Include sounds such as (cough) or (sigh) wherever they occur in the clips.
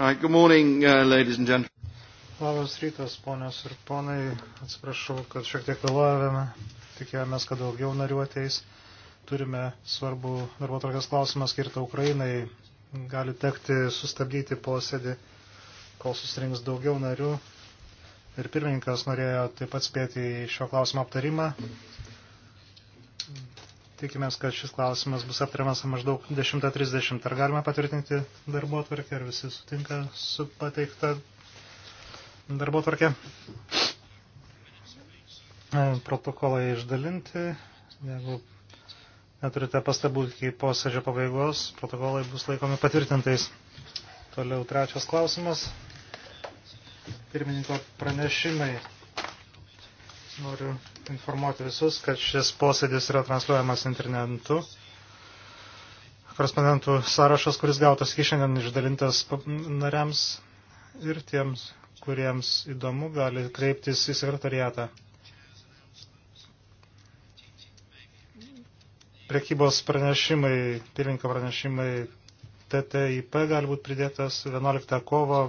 Right, good morning, uh, ladies and gentlemen. Labas rytas, ponios ir ponai. Atsiprašau, kad šiek tiek vėluojame. Tikėjomės, kad daugiau narių ateis. Turime svarbų darbo tokias klausimą skirtą Ukrainai. Gali tekti sustabdyti posėdį, kol susirinks daugiau narių. Ir pirmininkas norėjo taip pat spėti į šio klausimo aptarimą. Tikimės, kad šis klausimas bus aptariamas maždaug 10.30. Ar galime patvirtinti darbo atvarkę, ar visi sutinka su pateikta darbo atvarkė? E, protokolai išdalinti. Jeigu neturite pastabų iki posėdžio pabaigos, protokolai bus laikomi patvirtintais. Toliau trečias klausimas. Pirmininko pranešimai. Noriu informuoti visus, kad šis posėdis yra transliuojamas internetu. Korespondentų sąrašas, kuris gautas iki šiandien išdalintas nariams ir tiems, kuriems įdomu, gali kreiptis į sekretariatą. Prekybos pranešimai, pirinko pranešimai TTIP gali būti pridėtas 11 kovo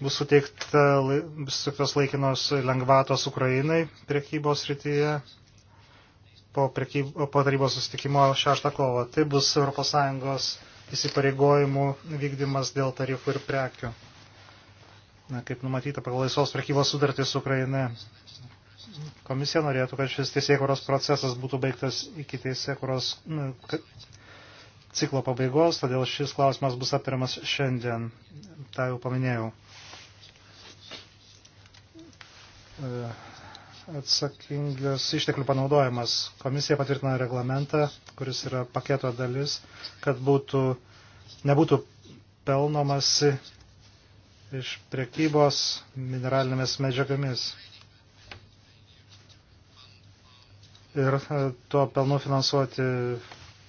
bus suteiktos laikinos lengvatos Ukrainai priekybos rytyje po, priekyb, po tarybos susitikimo 6 kovo. Tai bus ES įsipareigojimų vykdymas dėl tarifų ir prekių. Na, kaip numatyta pagal laisvos prekybos sudartį su Ukraina. Komisija norėtų, kad šis teisėkuros procesas būtų baigtas iki teisėkuros nu, ciklo pabaigos, todėl šis klausimas bus aptariamas šiandien. Ta jau paminėjau. E, atsakingas išteklių panaudojimas. Komisija patvirtino reglamentą, kuris yra paketo dalis, kad būtų, nebūtų pelnomasi iš priekybos mineralinėmis medžiagomis. Ir e, tuo pelnu finansuoti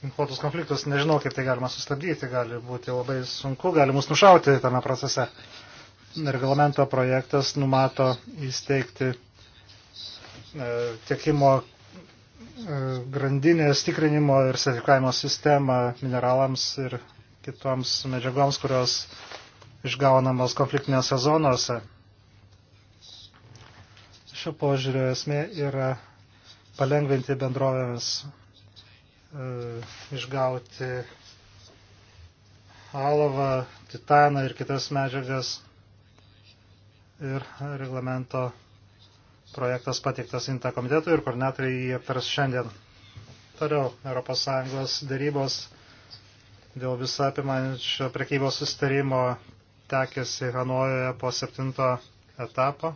ginkluotus konfliktus, nežinau, kaip tai galima sustabdyti, gali būti labai sunku, gali mus nušauti tame procese reglamento projektas numato įsteigti e, tiekimo e, grandinės tikrinimo ir sertifikavimo sistemą mineralams ir kitoms medžiagoms, kurios išgaunamos konfliktinėse zonose. Šio požiūrio esmė yra palengvinti bendrovėms e, išgauti alavą, titaną ir kitas medžiagas ir reglamento projektas pateiktas INTA komitetui ir koordinatoriai jį aptars šiandien. Toliau ES darybos dėl visą apimančio prekybos sustarimo tekėsi Hanojoje po septinto etapo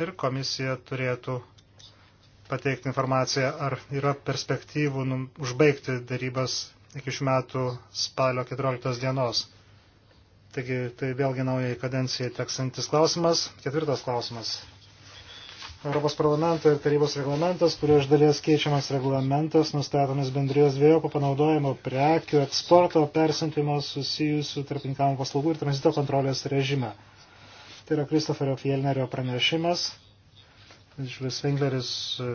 ir komisija turėtų pateikti informaciją, ar yra perspektyvų užbaigti darybas iki šių metų spalio 14 dienos. Taigi tai vėlgi naujai kadencijai teksantis klausimas. Ketvirtas klausimas. Europos parlamento ir tarybos reglamentas, kurio iš dalies keičiamas reglamentas, nustatomas bendrijos dviejopio panaudojimo prekių eksporto persintimo susijusių tarpininkavimo paslaugų ir tranzito kontrolės režimą. Tai yra Kristoferio Fielnerio pranešimas. Žiūrės Winkleris e,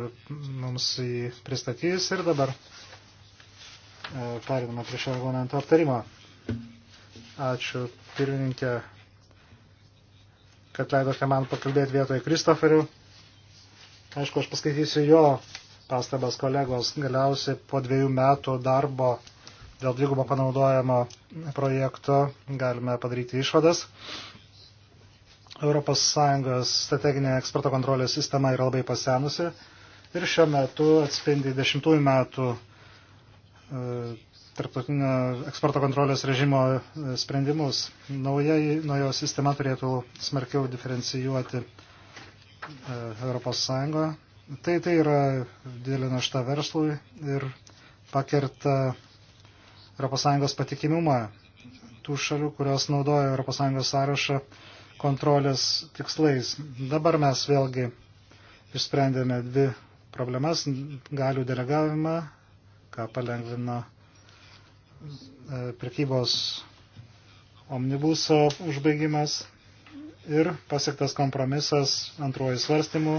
mums jį pristatys ir dabar e, perinama prie šio reglamento aptarimo. Ačiū pirmininkė, kad leidote man pakalbėti vietoje Kristoferiu. Aišku, aš paskaitysiu jo pastabas kolegos. Galiausiai po dviejų metų darbo dėl dvigubo panaudojimo projekto galime padaryti išvadas. ES strateginė eksporto kontrolės sistema yra labai pasenusi ir šiuo metu atspindi dešimtųjų metų e, tarptautinio eksporto kontrolės režimo e, sprendimus. Naujai, naujo sistema turėtų smarkiau diferencijuoti e, Europos Sąjungą. Tai, tai yra didelė našta verslui ir pakerta Europos Sąjungos patikimumą tų šalių, kurios naudoja Europos Sąjungos sąrašą kontrolės tikslais. Dabar mes vėlgi išsprendėme dvi problemas - galių delegavimą, ką palengvina E, prekybos omnibuso užbaigimas ir pasiektas kompromisas antruoju svarstymu,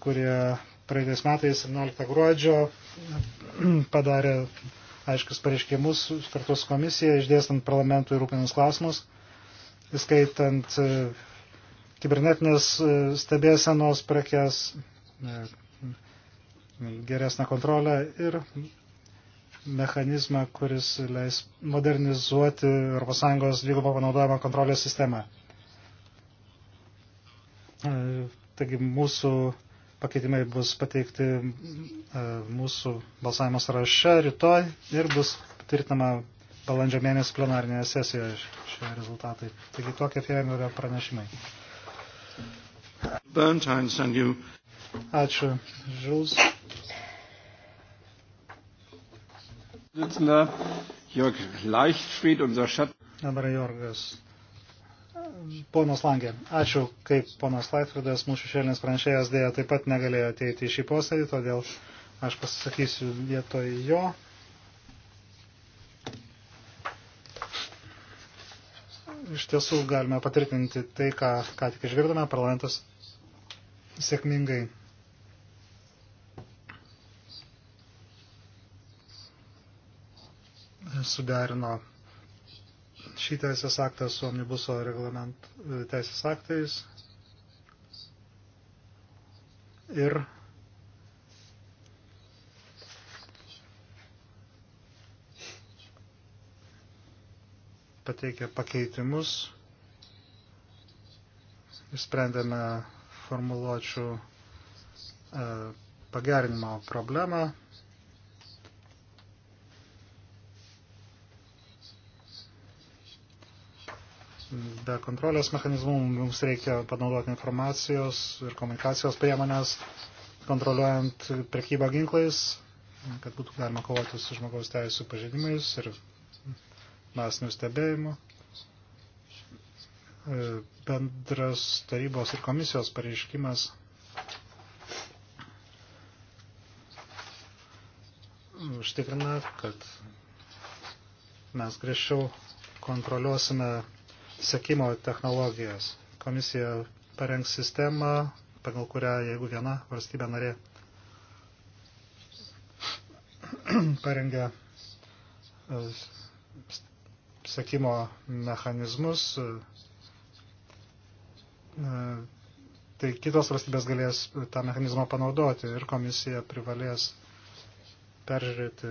kurie praeitais metais 17 gruodžio padarė aiškius pareiškimus kartu su komisija, išdėstant parlamentui rūpinus klausimus, įskaitant e, kibernetinės e, stebėsenos prekes, geresnę kontrolę ir mechanizmą, kuris leis modernizuoti ES dvigubo panaudojimo kontrolės sistemą. E, taigi mūsų pakeitimai bus pateikti e, mūsų balsavimo sąraše rytoj ir bus tvirtinama balandžio mėnesį plenarinėje sesijoje šie rezultatai. Taigi tokie Fjellnerio pranešimai. Ačiū, Žils. Dabar Jorgas. Ponas Langė, ačiū, kaip ponas Laitvardas, mūsų šešėlinis pranešėjas dėja taip pat negalėjo ateiti į šį posėdį, todėl aš pasisakysiu vietoj jo. iš tiesų galime patvirtinti tai, ką, ką tik išgirdome, parlamentas sėkmingai suderino šį teisės aktą su omnibuso reglament e, teisės aktais ir pateikė pakeitimus, išsprendėme formuluočių e, pagerinimo problemą. be kontrolės mechanizmų mums reikia panaudoti informacijos ir komunikacijos priemonės, kontroliuojant prekybą ginklais, kad būtų galima kovoti su žmogaus teisų pažeidimais ir masinių stebėjimų. E, bendras tarybos ir komisijos pareiškimas užtikrina, kad mes grįžčiau kontroliuosime sekimo technologijas. Komisija parengs sistemą, pagal kurią jeigu viena valstybė narė (clears throat) parengia e, sekimo mechanizmus, e, e, tai kitos valstybės galės tą mechanizmą panaudoti ir komisija privalės peržiūrėti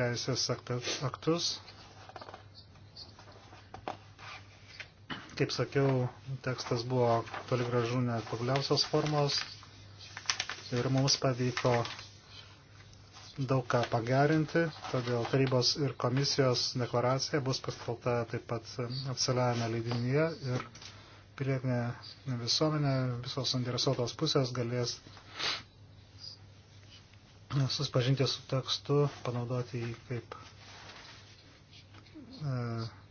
teisės aktus Kaip sakiau, tekstas buvo toli gražu netobuliausios formos ir mums pavyko daug ką pagerinti, todėl tarybos ir komisijos deklaracija bus paskelta taip pat oficialiajame leidinyje ir pilietinė visuomenė, visos interesuotos pusės galės susipažinti su tekstu, panaudoti jį kaip e,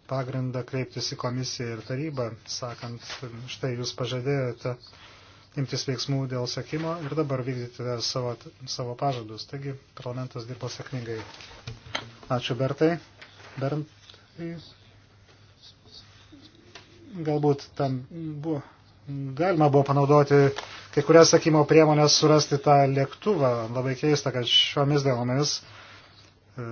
pagrindą kreiptis į komisiją ir tarybą, sakant, štai jūs pažadėjote imtis veiksmų dėl sekimo ir dabar vykdyti savo, savo pažadus. Taigi parlamentas dirbo sėkmingai. Ačiū Bertai. Berntai. Galbūt tam buvo. Galima buvo panaudoti kai kurias sakymo priemonės surasti tą lėktuvą. Labai keista, kad šiomis dienomis e,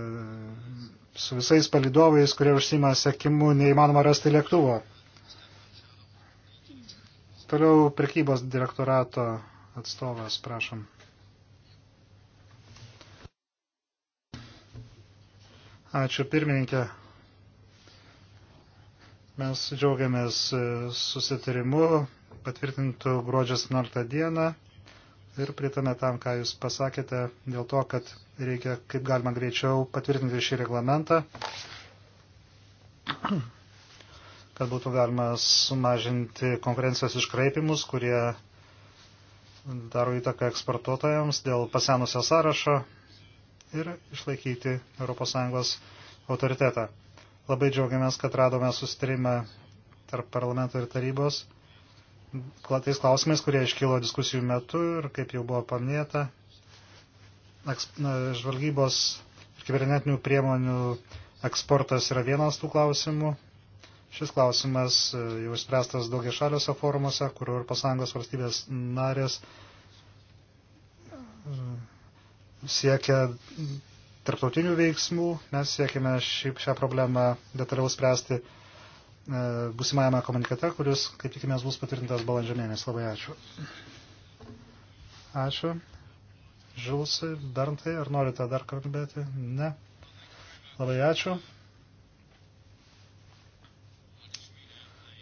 su visais palidovais, kurie užsima sekimu, neįmanoma rasti lėktuvo. Toliau prekybos direktorato atstovas, prašom. Ačiū pirmininkė. Mes džiaugiamės e, susitarimu patvirtintų gruodžio 17 dieną ir pritame tam, ką Jūs pasakėte, dėl to, kad reikia kaip galima greičiau patvirtinti šį reglamentą, kad būtų galima sumažinti konkurencijos iškraipimus, kurie daro įtaką eksportuotojams dėl pasenusio sąrašo ir išlaikyti ES autoritetą. Labai džiaugiamės, kad radome sustarimą tarp parlamento ir tarybos tais klausimais, kurie iškilo diskusijų metu ir kaip jau buvo paminėta, žvalgybos ir kibernetinių priemonių eksportas yra vienas tų klausimų. Šis klausimas e, jau išspręstas daugia šaliuose forumuose, kur Europos Sąjungos valstybės narės e, siekia tarptautinių veiksmų. Mes siekime šį, šią problemą detaliau spręsti e, būsimajame komunikate, kuris, kaip tikimės, bus patvirtintas balandžio mėnesį. Labai ačiū. Ačiū. Žilsai, Berntai, ar norite dar kalbėti? Ne. Labai ačiū.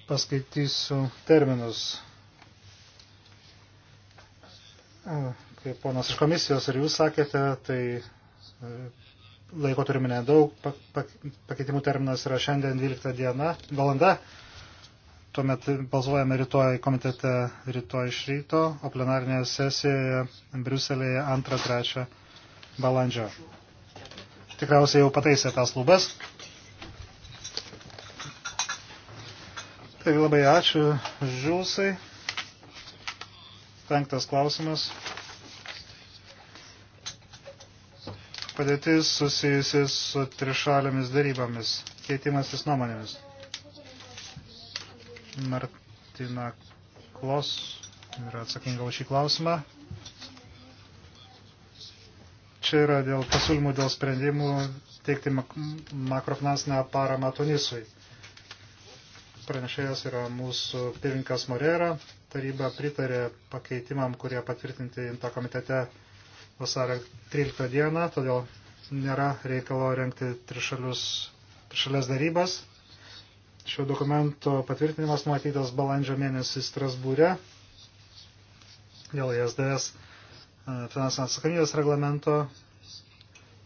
Paskaitysiu terminus. E, kaip ponas iš komisijos ir jūs sakėte, tai e, laiko turime nedaug. Pakeitimų terminas yra šiandien 12 diena, valanda. Tuomet balsuojame rytoj komitete rytoj iš ryto, o plenarinėje sesijoje Briuselėje 2-3 balandžio. Tikriausiai jau pataisė tas lubas. Taigi labai ačiū Žiūsai. Penktas klausimas. Padėtis susijusi su trišalėmis darybomis, keitimasis nuomonėmis. Martina Klos yra atsakinga už šį klausimą. Čia yra dėl pasiūlymų, dėl sprendimų teikti mak makrofinansinę paramą Tunisui. Pranešėjas yra mūsų pirmininkas Morera. Taryba pritarė pakeitimam, kurie patvirtinti INTA komitete vasario 13 dieną, todėl nėra reikalo renkti trišalius, trišalės darybas. Šio dokumento patvirtinimas numatytas balandžio mėnesį Strasbūre dėl JSDS e, finansinės atsakomybės reglamento.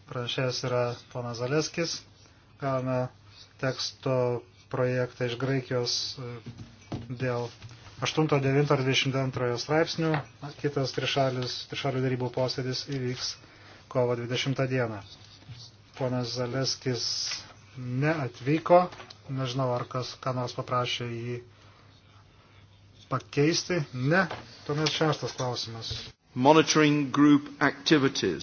Pranešėjas yra ponas Zaleskis. Gavome teksto projektą iš Graikijos e, dėl 8, 9 ir 22 straipsnių. Kitas trišalis, trišalių darybų posėdis įvyks kovo 20 dieną. Ponas Zaleskis neatvyko, Nežinau, ar kas ką nors paprašė jį pakeisti. Ne. Tuomet šeštas klausimas. Monitoring group activities.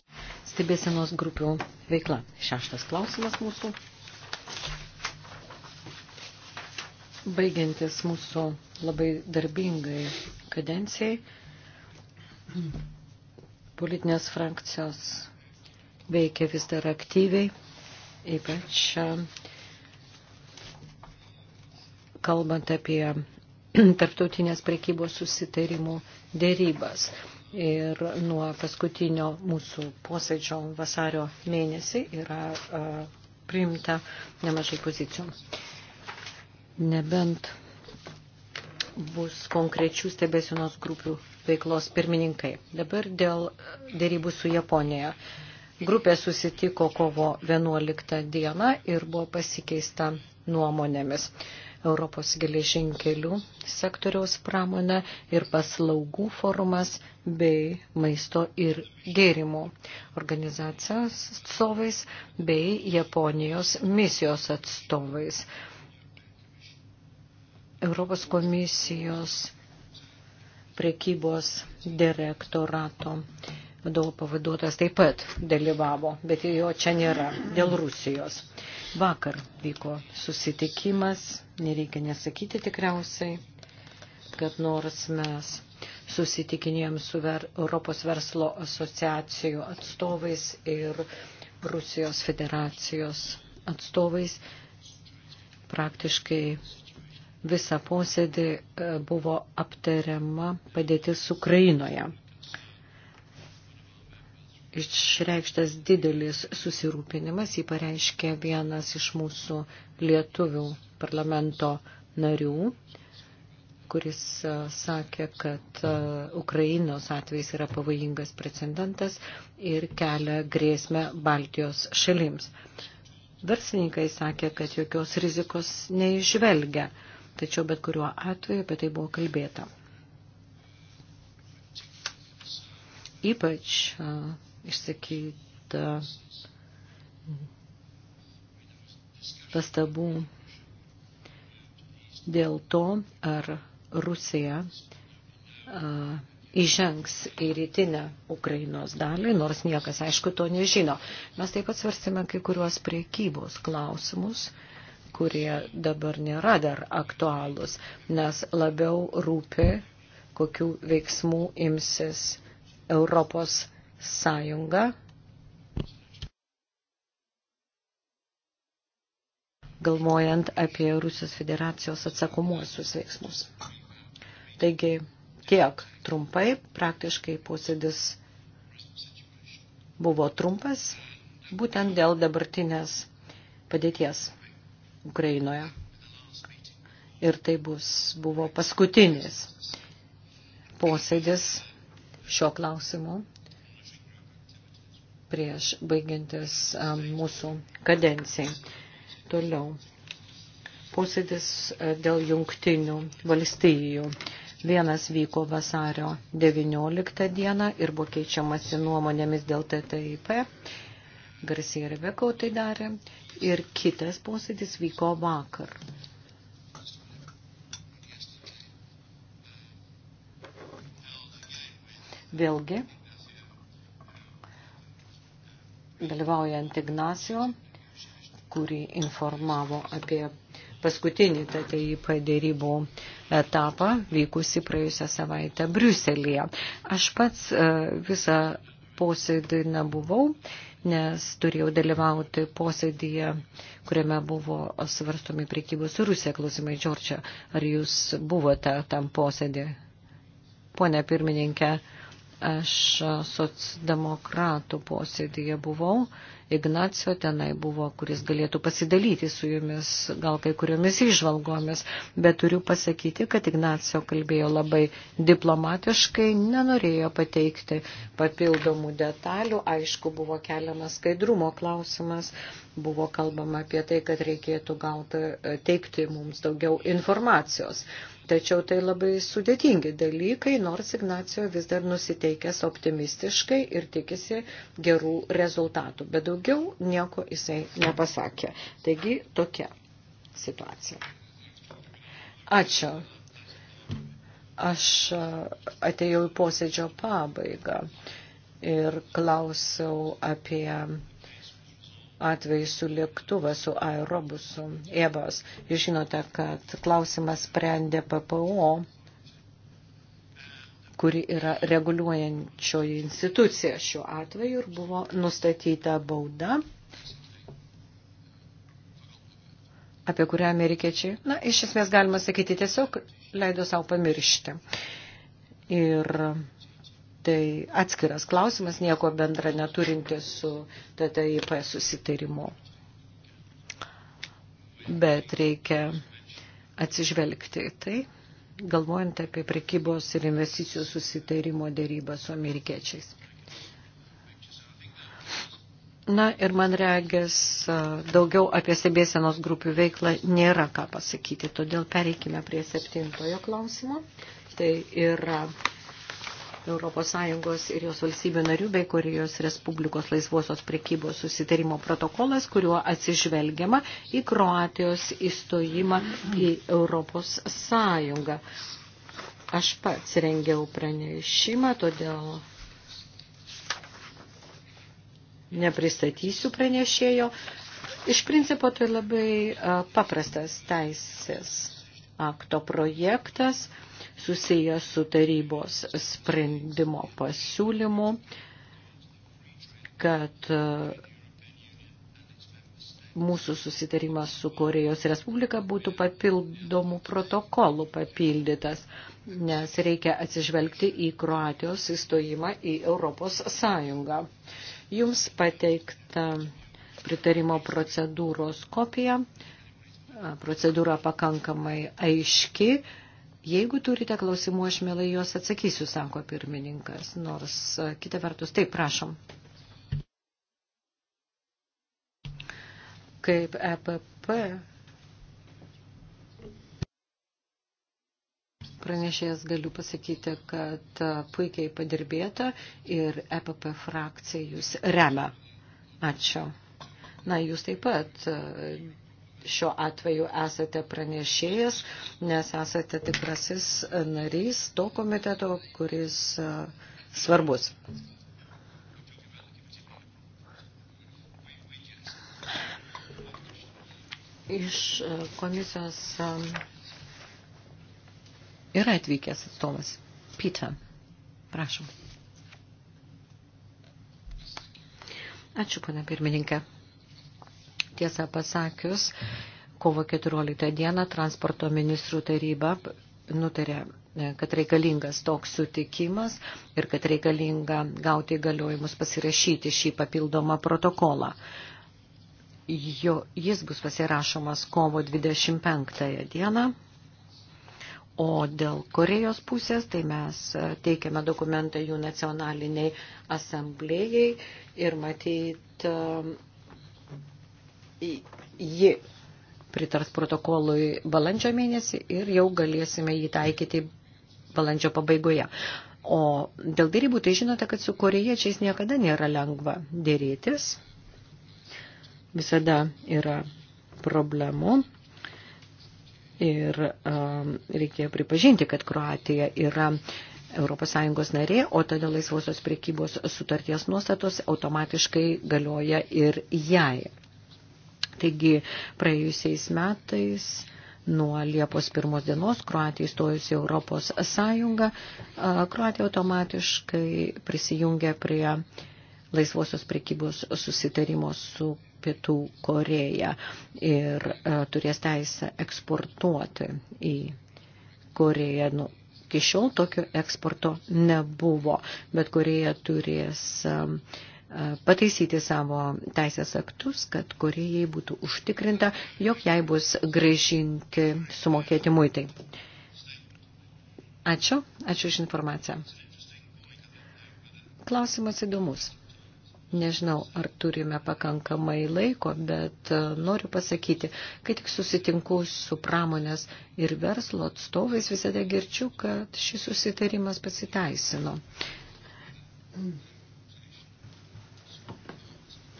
Stebėsenos grupių veikla. Šeštas klausimas mūsų. Baigiantis mūsų labai darbingai kadencijai, politinės frakcijos veikia vis dar aktyviai, ypač kalbant apie (clears throat) tarptautinės prekybos susitarimų dėrybas. Ir nuo paskutinio mūsų posėdžio vasario mėnesį yra a, priimta nemažai pozicijų. Nebent bus konkrečių stebėsinos grupių veiklos pirmininkai. Dabar dėl dėrybų su Japonija. Grupė susitiko kovo 11 dieną ir buvo pasikeista nuomonėmis. Uh, Europos geležinkelių sektoriaus pramonę ir paslaugų forumas bei maisto ir gėrimų organizacijos atstovais bei Japonijos misijos atstovais. Europos komisijos prekybos direktorato vadovo pavaduotojas taip pat dalyvavo, bet jo čia nėra dėl Rusijos. Vakar vyko susitikimas, nereikia nesakyti tikriausiai, kad nors mes susitikinėjom su ver, Europos verslo asociacijų atstovais ir Rusijos federacijos atstovais, praktiškai visą posėdį e, buvo aptariama padėtis Ukrainoje išreikštas didelis susirūpinimas, jį pareiškė vienas iš mūsų lietuvių parlamento narių, kuris sakė, kad Ukrainos atvejs yra pavojingas precedentas ir kelia grėsmę Baltijos šalims. Verslininkai sakė, kad jokios rizikos neižvelgia, tačiau bet kuriuo atveju apie tai buvo kalbėta. Ypač išsakyta pastabų dėl to, ar Rusija a, įžengs į rytinę Ukrainos dalį, nors niekas, aišku, to nežino. Mes taip pat svarstėme kai kuriuos priekybos klausimus, kurie dabar nėra dar aktualūs, nes labiau rūpi, kokių veiksmų imsis Europos sąjunga galvojant apie Rusijos federacijos atsakomuosius veiksmus. Taigi tiek trumpai, praktiškai posėdis buvo trumpas, būtent dėl dabartinės padėties Ukrainoje. Ir tai bus, buvo paskutinis posėdis šio klausimu prieš baigiantis um, mūsų kadencijai. Toliau. Posėdis uh, dėl jungtinių valstijų. Vienas vyko vasario 19 dieną ir buvo keičiamasi nuomonėmis dėl TTIP. Garsiai ir Vekau tai darė. Ir kitas posėdis vyko vakar. Vėlgi, dalyvaujant Ignacio, kurį informavo apie paskutinį TTIP dėrybų etapą vykusi praėjusią savaitę Briuselėje. Aš pats e, visą posėdį nebuvau, nes turėjau dalyvauti posėdyje, kuriame buvo svarstomi priekybos su Rusija klausimai. Džordžia, ar jūs buvote tam posėdį? Pone pirmininkė, Aš socdemokratų posėdėje buvau, Ignacio tenai buvo, kuris galėtų pasidalyti su jumis gal kai kuriomis išvalgomis, bet turiu pasakyti, kad Ignacio kalbėjo labai diplomatiškai, nenorėjo pateikti papildomų detalių, aišku, buvo keliamas skaidrumo klausimas, buvo kalbama apie tai, kad reikėtų gauti, teikti mums daugiau informacijos. Tačiau tai labai sudėtingi dalykai, nors Ignacio vis dar nusiteikęs optimistiškai ir tikisi gerų rezultatų. Bet daugiau nieko jisai nepasakė. Taigi tokia situacija. Ačiū. Aš atėjau į posėdžio pabaigą ir klausiau apie atvejai su lėktuva, su aerobusu Evos. Jūs žinote, kad klausimas sprendė PPO, kuri yra reguliuojančioji institucija šiuo atveju ir buvo nustatyta bauda, apie kurią amerikiečiai, na, iš esmės galima sakyti, tiesiog leido savo pamiršti. Ir Tai atskiras klausimas, nieko bendra neturinti su TTIP susitarimu. Bet reikia atsižvelgti į tai, galvojant apie prekybos ir investicijų susitarimo dėrybą su amerikiečiais. Na ir man reagės daugiau apie stebėsenos grupių veiklą nėra ką pasakyti, todėl pereikime prie septintojo klausimo. Tai yra ES ir jos valstybių narių bei Korejos Respublikos laisvosios prekybos susitarimo protokolas, kuriuo atsižvelgiama į Kroatijos įstojimą į ES. Aš pats rengiau pranešimą, todėl nepristatysiu pranešėjo. Iš principo tai labai paprastas teisės akto projektas susijęs su tarybos sprendimo pasiūlymu, kad e, mūsų susitarimas su Korejos Respublika būtų papildomų protokolų papildytas, nes reikia atsižvelgti į Kroatijos įstojimą į Europos Sąjungą. Jums pateikta pritarimo procedūros kopija procedūra pakankamai aiški. Jeigu turite klausimų, aš mielai juos atsakysiu, sako pirmininkas. Nors kita vertus, taip, prašom. Kaip EPP pranešėjas galiu pasakyti, kad puikiai padirbėta ir EPP frakcija jūs remia. Ačiū. Na, jūs taip pat šiuo atveju esate pranešėjas, nes esate tikrasis narys to komiteto, kuris e, svarbus. Iš e, komisijos e, yra atvykęs atstovas. Peter, prašom. Ačiū, pana pirmininkė. Tiesą pasakius, kovo 14 dieną transporto ministrų taryba nutarė, e, kad reikalingas toks sutikimas ir kad reikalinga gauti įgaliojimus pasirašyti šį papildomą protokolą. Jo, jis bus pasirašomas kovo 25 dieną. O dėl Korejos pusės, tai mes e, teikiame dokumentą jų nacionaliniai asamblėjai ir matyt e, ji pritars protokolui balandžio mėnesį ir jau galėsime jį taikyti balandžio pabaigoje. O dėl dėrybų, tai žinote, kad su koriečiais niekada nėra lengva dėrėtis. Visada yra problemų. Ir um, reikėjo pripažinti, kad Kroatija yra ES narė, o tada laisvosios priekybos sutarties nuostatos automatiškai galioja ir jai. Taigi praėjusiais metais nuo Liepos pirmos dienos Kroatija įstojusi Europos sąjungą, Kroatija automatiškai prisijungia prie laisvosios prekybos susitarimo su Pietų Koreja ir turės teisę eksportuoti į Koreją. Nu, iki šiol tokio eksporto nebuvo, bet Koreja turės uh, pataisyti savo teisės aktus, kad Korejai būtų užtikrinta, jog jai bus gražinti sumokėti muitai. Ačiū, ačiū už informaciją. Klausimas įdomus. Nežinau, ar turime pakankamai laiko, bet e, noriu pasakyti, kai tik susitinku su pramonės ir verslo atstovais, visada girčiu, kad šis susitarimas pasiteisino. Mm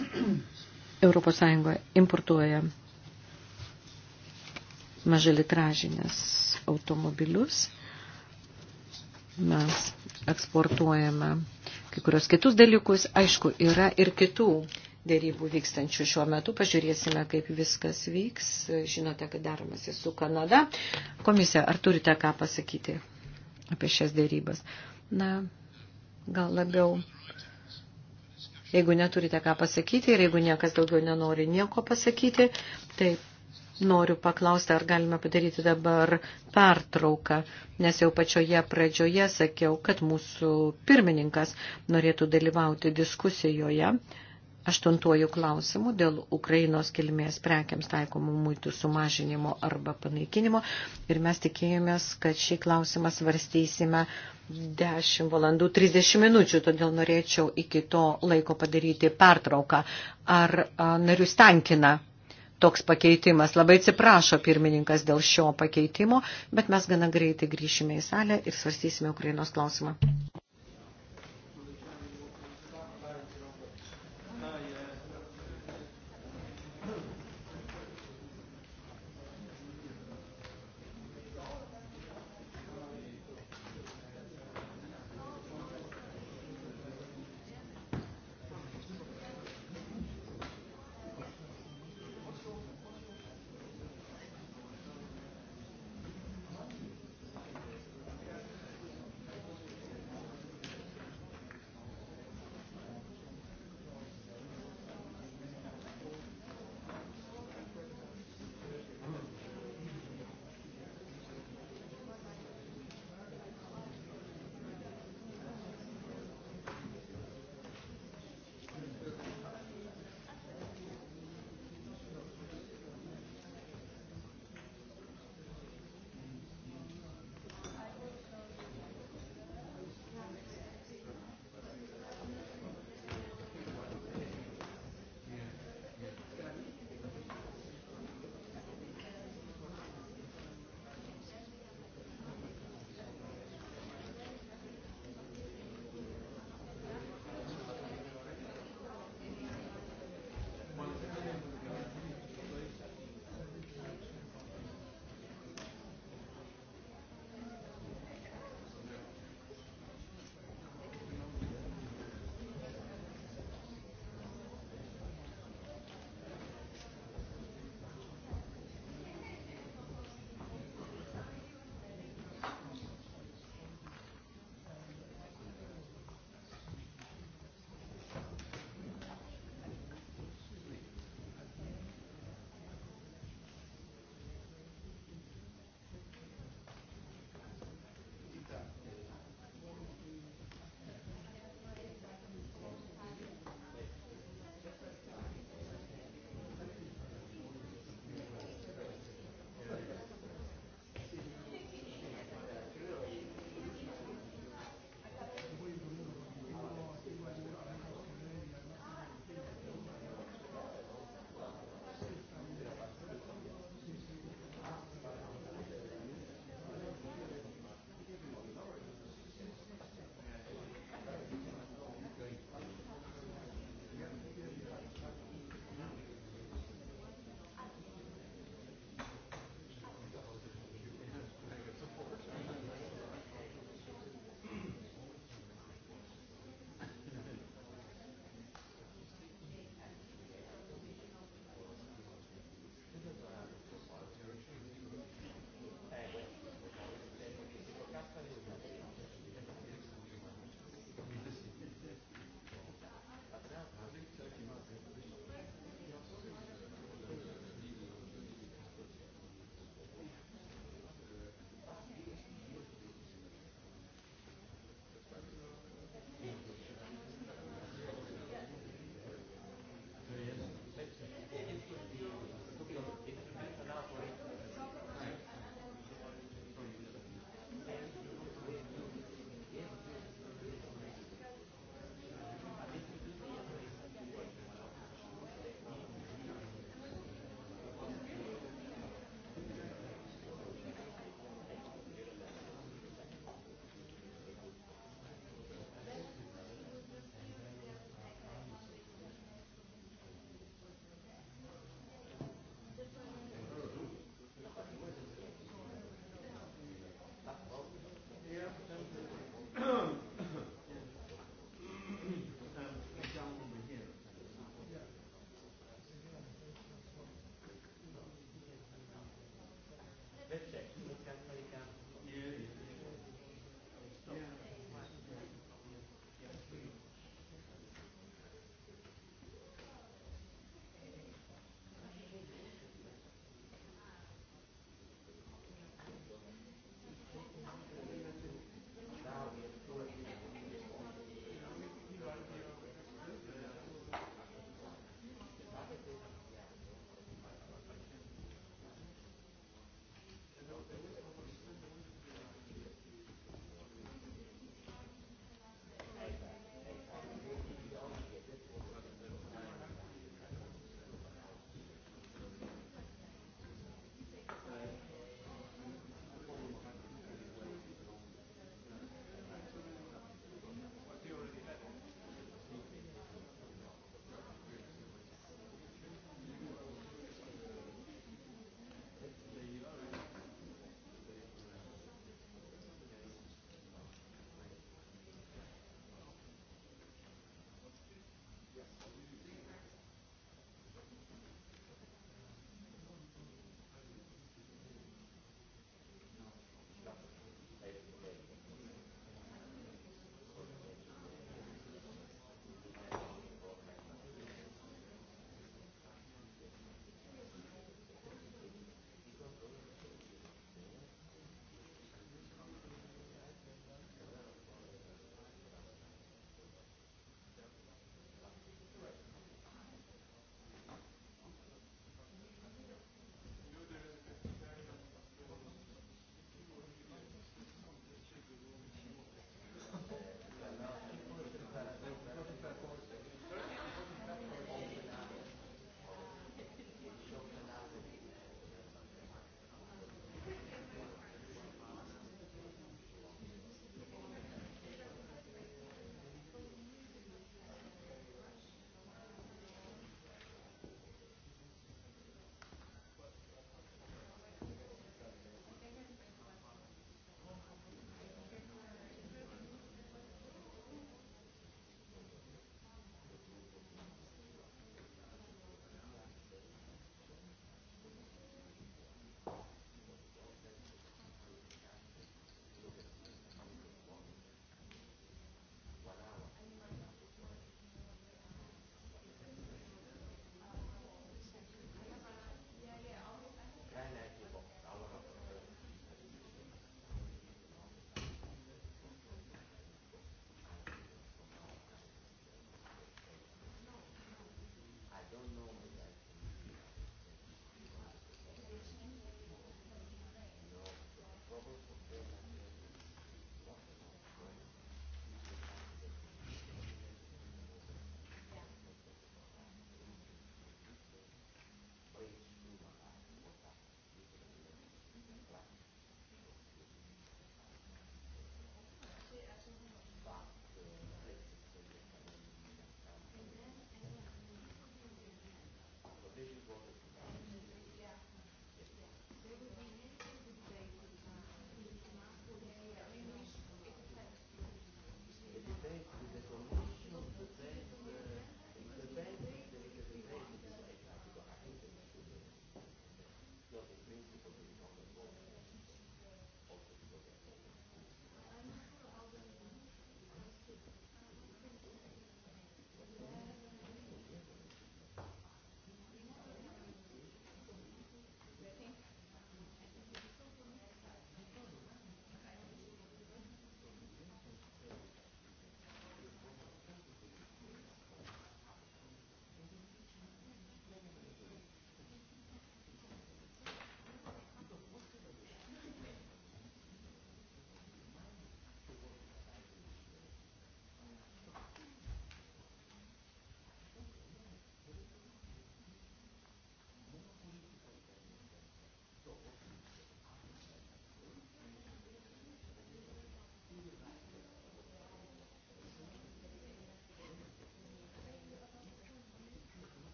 (clears throat) Europos Sąjungoje importuoja mažalitražinės automobilius. Mes eksportuojame kai kurios kitus dalykus. Aišku, yra ir kitų dėrybų vykstančių šiuo metu. Pažiūrėsime, kaip viskas vyks. Žinote, kad daromasi su Kanada. Komisija, ar turite ką pasakyti apie šias dėrybas? Na, gal labiau Jeigu neturite ką pasakyti ir jeigu niekas daugiau nenori nieko pasakyti, tai noriu paklausti, ar galime padaryti dabar pertrauką, nes jau pačioje pradžioje sakiau, kad mūsų pirmininkas norėtų dalyvauti diskusijoje aštuntuoju klausimu dėl Ukrainos kilmės prekiams taikomų muitų sumažinimo arba panaikinimo ir mes tikėjomės, kad šį klausimą svarstysime 10 valandų 30 minučių, todėl norėčiau iki to laiko padaryti pertrauką. Ar narius tenkina toks pakeitimas? Labai atsiprašo pirmininkas dėl šio pakeitimo, bet mes gana greitai grįšime į salę ir svarstysime Ukrainos klausimą.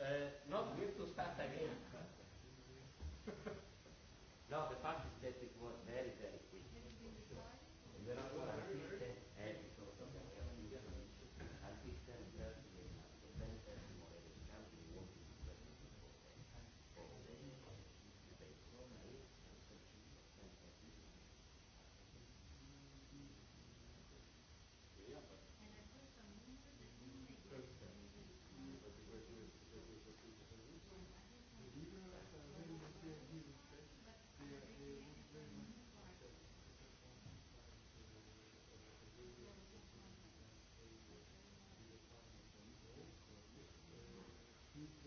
Uh, no,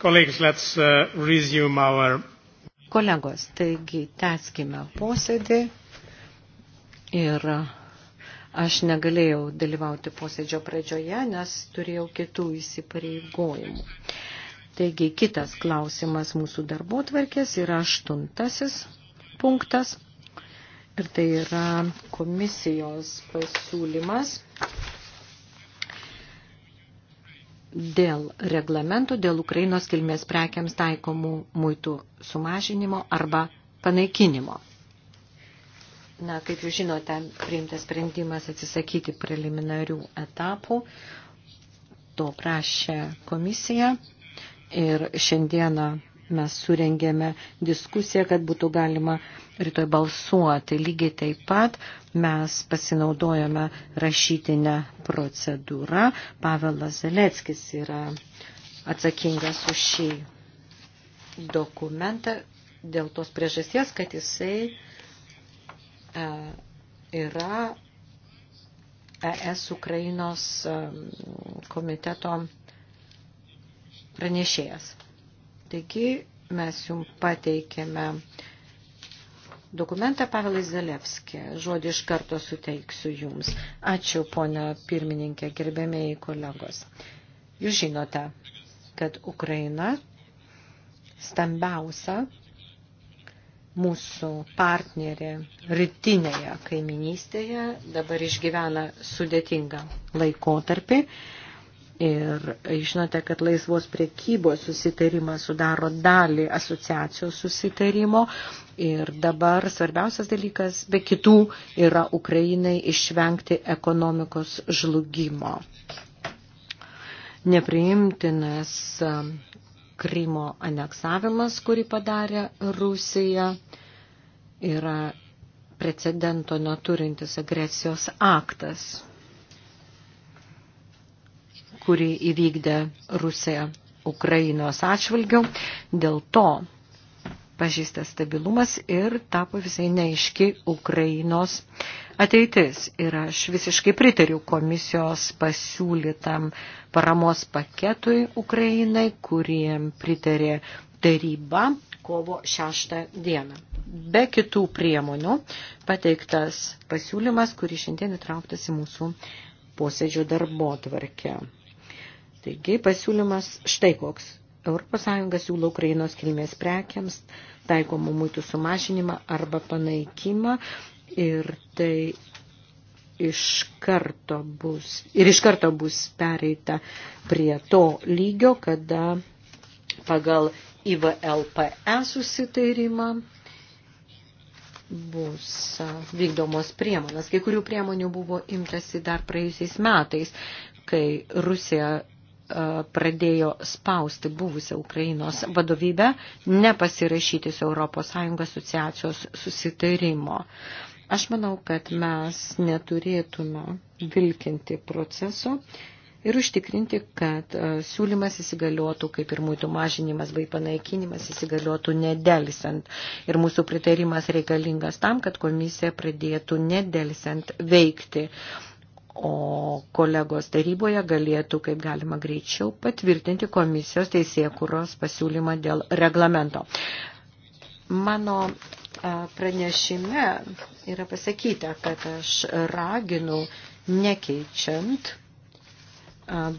Colleagues, let's uh, resume our. Kolegos, taigi tęskime posėdį ir uh, aš negalėjau dalyvauti posėdžio pradžioje, nes turėjau kitų įsipareigojimų. Taigi kitas klausimas mūsų darbo tvarkės yra aštuntasis punktas ir tai yra komisijos pasiūlymas dėl reglamentų, dėl Ukrainos kilmės prekiams taikomų muitų sumažinimo arba panaikinimo. Na, kaip jūs žinote, priimtas sprendimas atsisakyti preliminarių etapų, to prašė komisija ir šiandieną mes surengėme diskusiją, kad būtų galima rytoj balsuoti. Lygiai taip pat mes pasinaudojame rašytinę procedūrą. Pavelas Zeleckis yra atsakingas už šį dokumentą dėl tos priežasties, kad jisai e, yra ES Ukrainos e, komiteto pranešėjas. Taigi mes jums pateikėme dokumentą Pavelai Zalevskė. Žodį iš karto suteiksiu jums. Ačiū, ponia pirmininkė, gerbėmiai kolegos. Jūs žinote, kad Ukraina stambiausia mūsų partnerė rytinėje kaiminystėje dabar išgyvena sudėtingą laikotarpį. Ir žinote, kad laisvos priekybos susitarimas sudaro dalį asociacijos susitarimo. Ir dabar svarbiausias dalykas, be kitų, yra Ukrainai išvengti ekonomikos žlugimo. Nepriimtinas um, Krymo aneksavimas, kurį padarė Rusija, yra precedento neturintis agresijos aktas kurį įvykdė Rusija Ukrainos atšvilgiau. Dėl to pažįstas stabilumas ir tapo visai neaiški Ukrainos ateitis. Ir aš visiškai pritariu komisijos pasiūlytam paramos paketui Ukrainai, kuriem pritarė taryba kovo 6 dieną. Be kitų priemonių pateiktas pasiūlymas, kuris šiandien įtrauktas į mūsų posėdžio darbo tvarkę. Taigi pasiūlymas štai koks. ES siūlo Ukrainos kilmės prekiams taikomų muitų sumažinimą arba panaikymą ir tai iš karto bus, ir iš karto bus pereita prie to lygio, kada pagal IVLPE susitairimą bus vykdomos priemonės. Kai kurių priemonių buvo imtasi dar praėjusiais metais, kai Rusija E, pradėjo spausti buvusią Ukrainos vadovybę nepasirašyti su ES asociacijos susitarimo. Aš manau, kad mes neturėtume vilkinti proceso ir užtikrinti, kad e, siūlymas įsigaliotų, kaip ir mūtų mažinimas bei panaikinimas įsigaliotų nedelsiant. Ir mūsų pritarimas reikalingas tam, kad komisija pradėtų nedelsiant veikti. Uh, o kolegos taryboje galėtų kaip galima greičiau patvirtinti komisijos teisėkuros pasiūlymą dėl reglamento. Mano e, pranešime yra pasakyta, kad aš raginu nekeičiant e,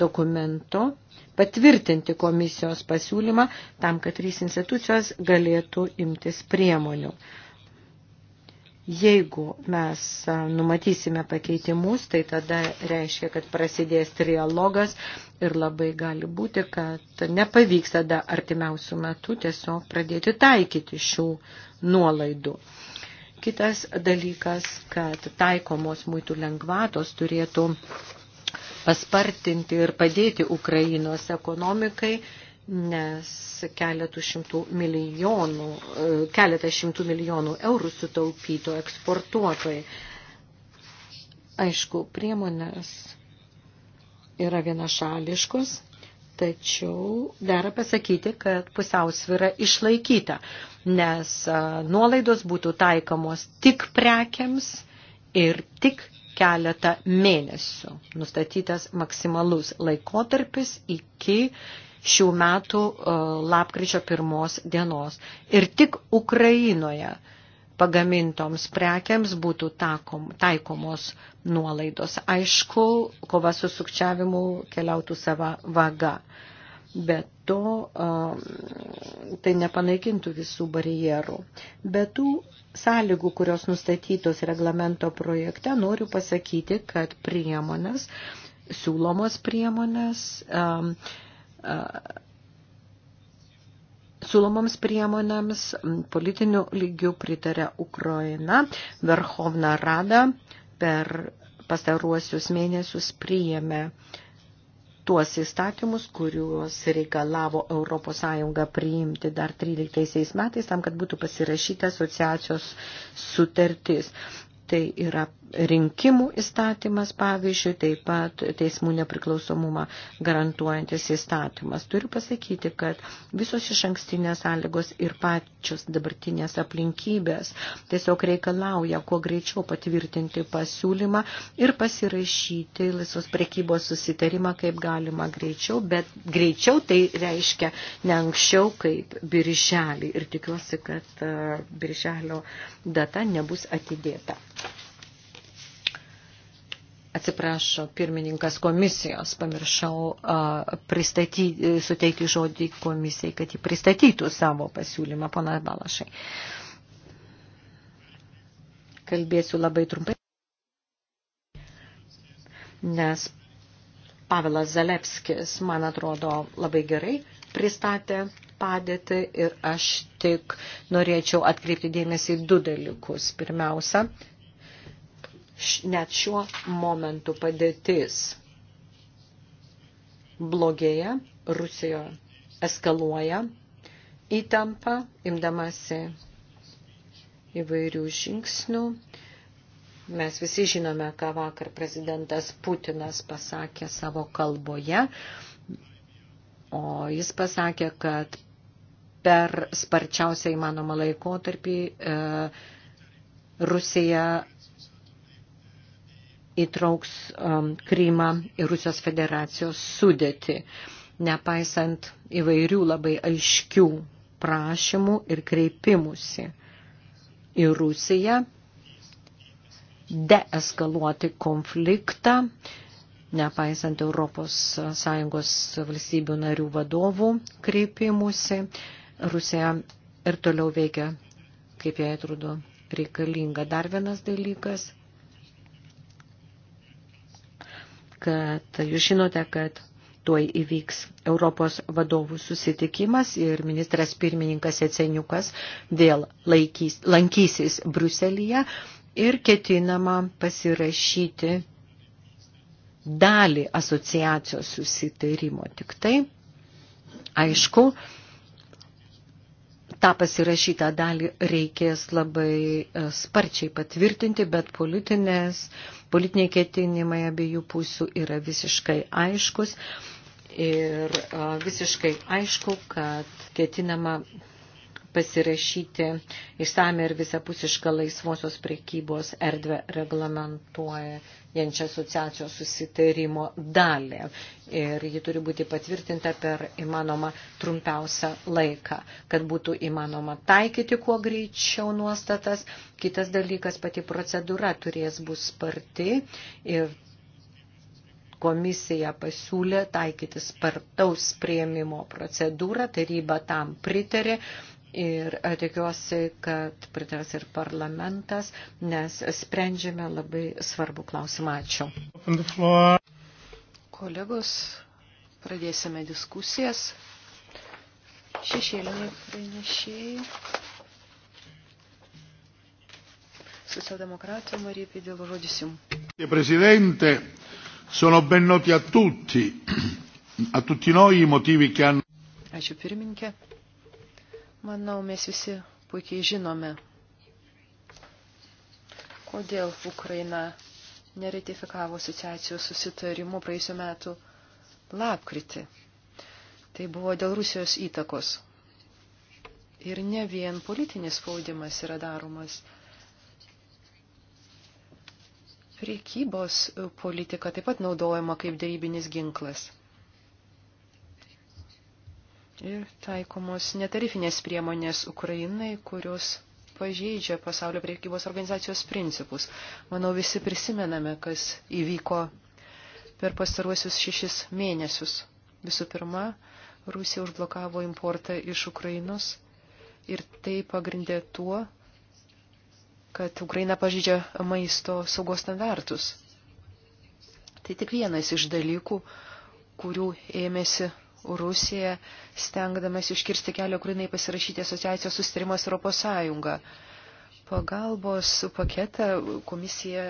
dokumento patvirtinti komisijos pasiūlymą tam, kad trys institucijos galėtų imtis priemonių. Jeigu mes numatysime pakeitimus, tai tada reiškia, kad prasidės trialogas ir labai gali būti, kad nepavyks tada artimiausių metų tiesiog pradėti taikyti šių nuolaidų. Kitas dalykas, kad taikomos muitų lengvatos turėtų paspartinti ir padėti Ukrainos ekonomikai nes keletų šimtų milijonų, e, keletą šimtų milijonų eurų sutaupyto eksportuotojai. Aišku, priemonės yra vienašališkos, tačiau dera pasakyti, kad pusiausvyra išlaikyta, nes e, nuolaidos būtų taikomos tik prekiams ir tik keletą mėnesių. Nustatytas maksimalus laikotarpis iki šių metų e, lapkričio pirmos dienos. Ir tik Ukrainoje pagamintoms prekiams būtų takom, taikomos nuolaidos. Aišku, kova su sukčiavimu keliautų savo vaga. Bet to e, tai nepanaikintų visų barjerų. Bet tų sąlygų, kurios nustatytos reglamento projekte, noriu pasakyti, kad priemonės, siūlomos priemonės, e, Siūlomoms priemonėms politinių lygių pritarė Ukraina, Verhovna Rada per pastaruosius mėnesius priėmė tuos įstatymus, kuriuos reikalavo ES priimti dar 13 metais, tam, kad būtų pasirašyta asociacijos sutartis. Tai yra rinkimų įstatymas, pavyzdžiui, taip pat teismų nepriklausomumą garantuojantis įstatymas. Turiu pasakyti, kad visos iš ankstinės sąlygos ir pačios dabartinės aplinkybės tiesiog reikalauja kuo greičiau patvirtinti pasiūlymą ir pasirašyti laisvos prekybos susitarimą kaip galima greičiau, bet greičiau tai reiškia ne anksčiau kaip birželį ir tikiuosi, kad e, birželio data nebus atidėta. Atsiprašau, pirmininkas komisijos, pamiršau a, pristatyti, suteikti žodį komisijai, kad jį pristatytų savo pasiūlymą, ponas Balašai. Kalbėsiu labai trumpai, nes Pavelas Zalepskis, man atrodo, labai gerai pristatė padėtį ir aš tik norėčiau atkreipti dėmesį į du dalykus. Pirmiausia, net šiuo momentu padėtis blogėja, Rusijoje eskaluoja įtampa, imdamasi įvairių žingsnių. Mes visi žinome, ką vakar prezidentas Putinas pasakė savo kalboje, o jis pasakė, kad per sparčiausią įmanomą laikotarpį e, Rusija įtrauks um, Krymą į Rusijos federacijos sudėtį, nepaisant įvairių labai aiškių prašymų ir kreipimusi į Rusiją deeskaluoti konfliktą, nepaisant ES valstybių narių vadovų kreipimusi. Rusija ir toliau veikia, kaip jai atrodo, reikalinga. Dar vienas dalykas kad jūs žinote, kad tuoj įvyks Europos vadovų susitikimas ir ministras pirmininkas Eceniukas vėl laikys, lankysis Bruselyje ir ketinama pasirašyti dalį asociacijos susitarimo. Tik tai, aišku, tą pasirašytą dalį reikės labai e, sparčiai patvirtinti, bet politinės, politiniai ketinimai abiejų pusių yra visiškai aiškus. Ir e, visiškai aišku, kad ketinama pasirašyti išsame ir visapusišką laisvosios prekybos erdvę reglamentuojančią asociacijos susitarimo dalį. Ir ji turi būti patvirtinta per įmanoma trumpiausią laiką, kad būtų įmanoma taikyti kuo greičiau nuostatas. Kitas dalykas, pati procedūra turės bus sparti ir komisija pasiūlė taikyti spartaus prieimimo procedūrą, taryba tam pritarė ir e, tikiuosi, kad pritars ir parlamentas, nes sprendžiame labai svarbų klausimą. Ačiū. Kolegos, pradėsime diskusijas. Šešėliniai pranešėjai. Socialdemokratų Marija Pidėlo žodis jums. Presidente, sono ben noti a tutti, a tutti noi i motivi che hanno. Ačiū pirmininkė. Manau, mes visi puikiai žinome, kodėl Ukraina neratifikavo asociacijos susitarimų praėjusiu metu lapkritį. Tai buvo dėl Rusijos įtakos. Ir ne vien politinis spaudimas yra daromas. Priekybos politika taip pat naudojama kaip dėrybinis ginklas ir taikomos netarifinės priemonės Ukrainai, kurios pažeidžia pasaulio priekybos organizacijos principus. Manau, visi prisimename, kas įvyko per pastaruosius šešis mėnesius. Visų pirma, Rusija užblokavo importą iš Ukrainos ir tai pagrindė tuo, kad Ukraina pažydžia maisto saugos standartus. Tai tik vienas iš dalykų, kurių ėmėsi Rusija, stengdamas iškirsti kelią Ukrainai pasirašyti asociacijos sustarimas Europos Sąjunga. Pagalbos paketą komisija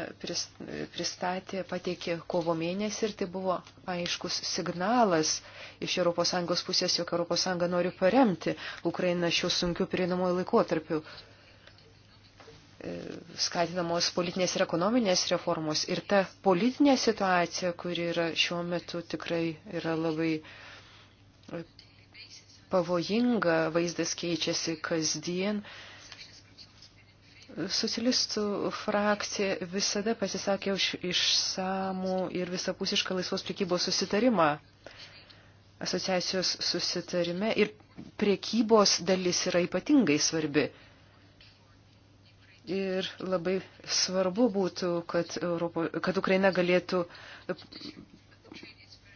pristatė, pateikė kovo mėnesį ir tai buvo aiškus signalas iš ES pusės, jog ES nori paremti Ukrainą šiuo sunkiu prieinamojo laikotarpiu skatinamos politinės ir ekonominės reformos. Ir ta politinė situacija, kuri yra šiuo metu tikrai yra labai uh, pavojinga, vaizdas keičiasi kasdien. Socialistų frakcija visada pasisakė už išsamų ir visapusišką laisvos prekybos susitarimą asociacijos susitarime ir priekybos dalis yra ypatingai svarbi. Ir labai svarbu būtų, kad, Europo, kad Ukraina galėtų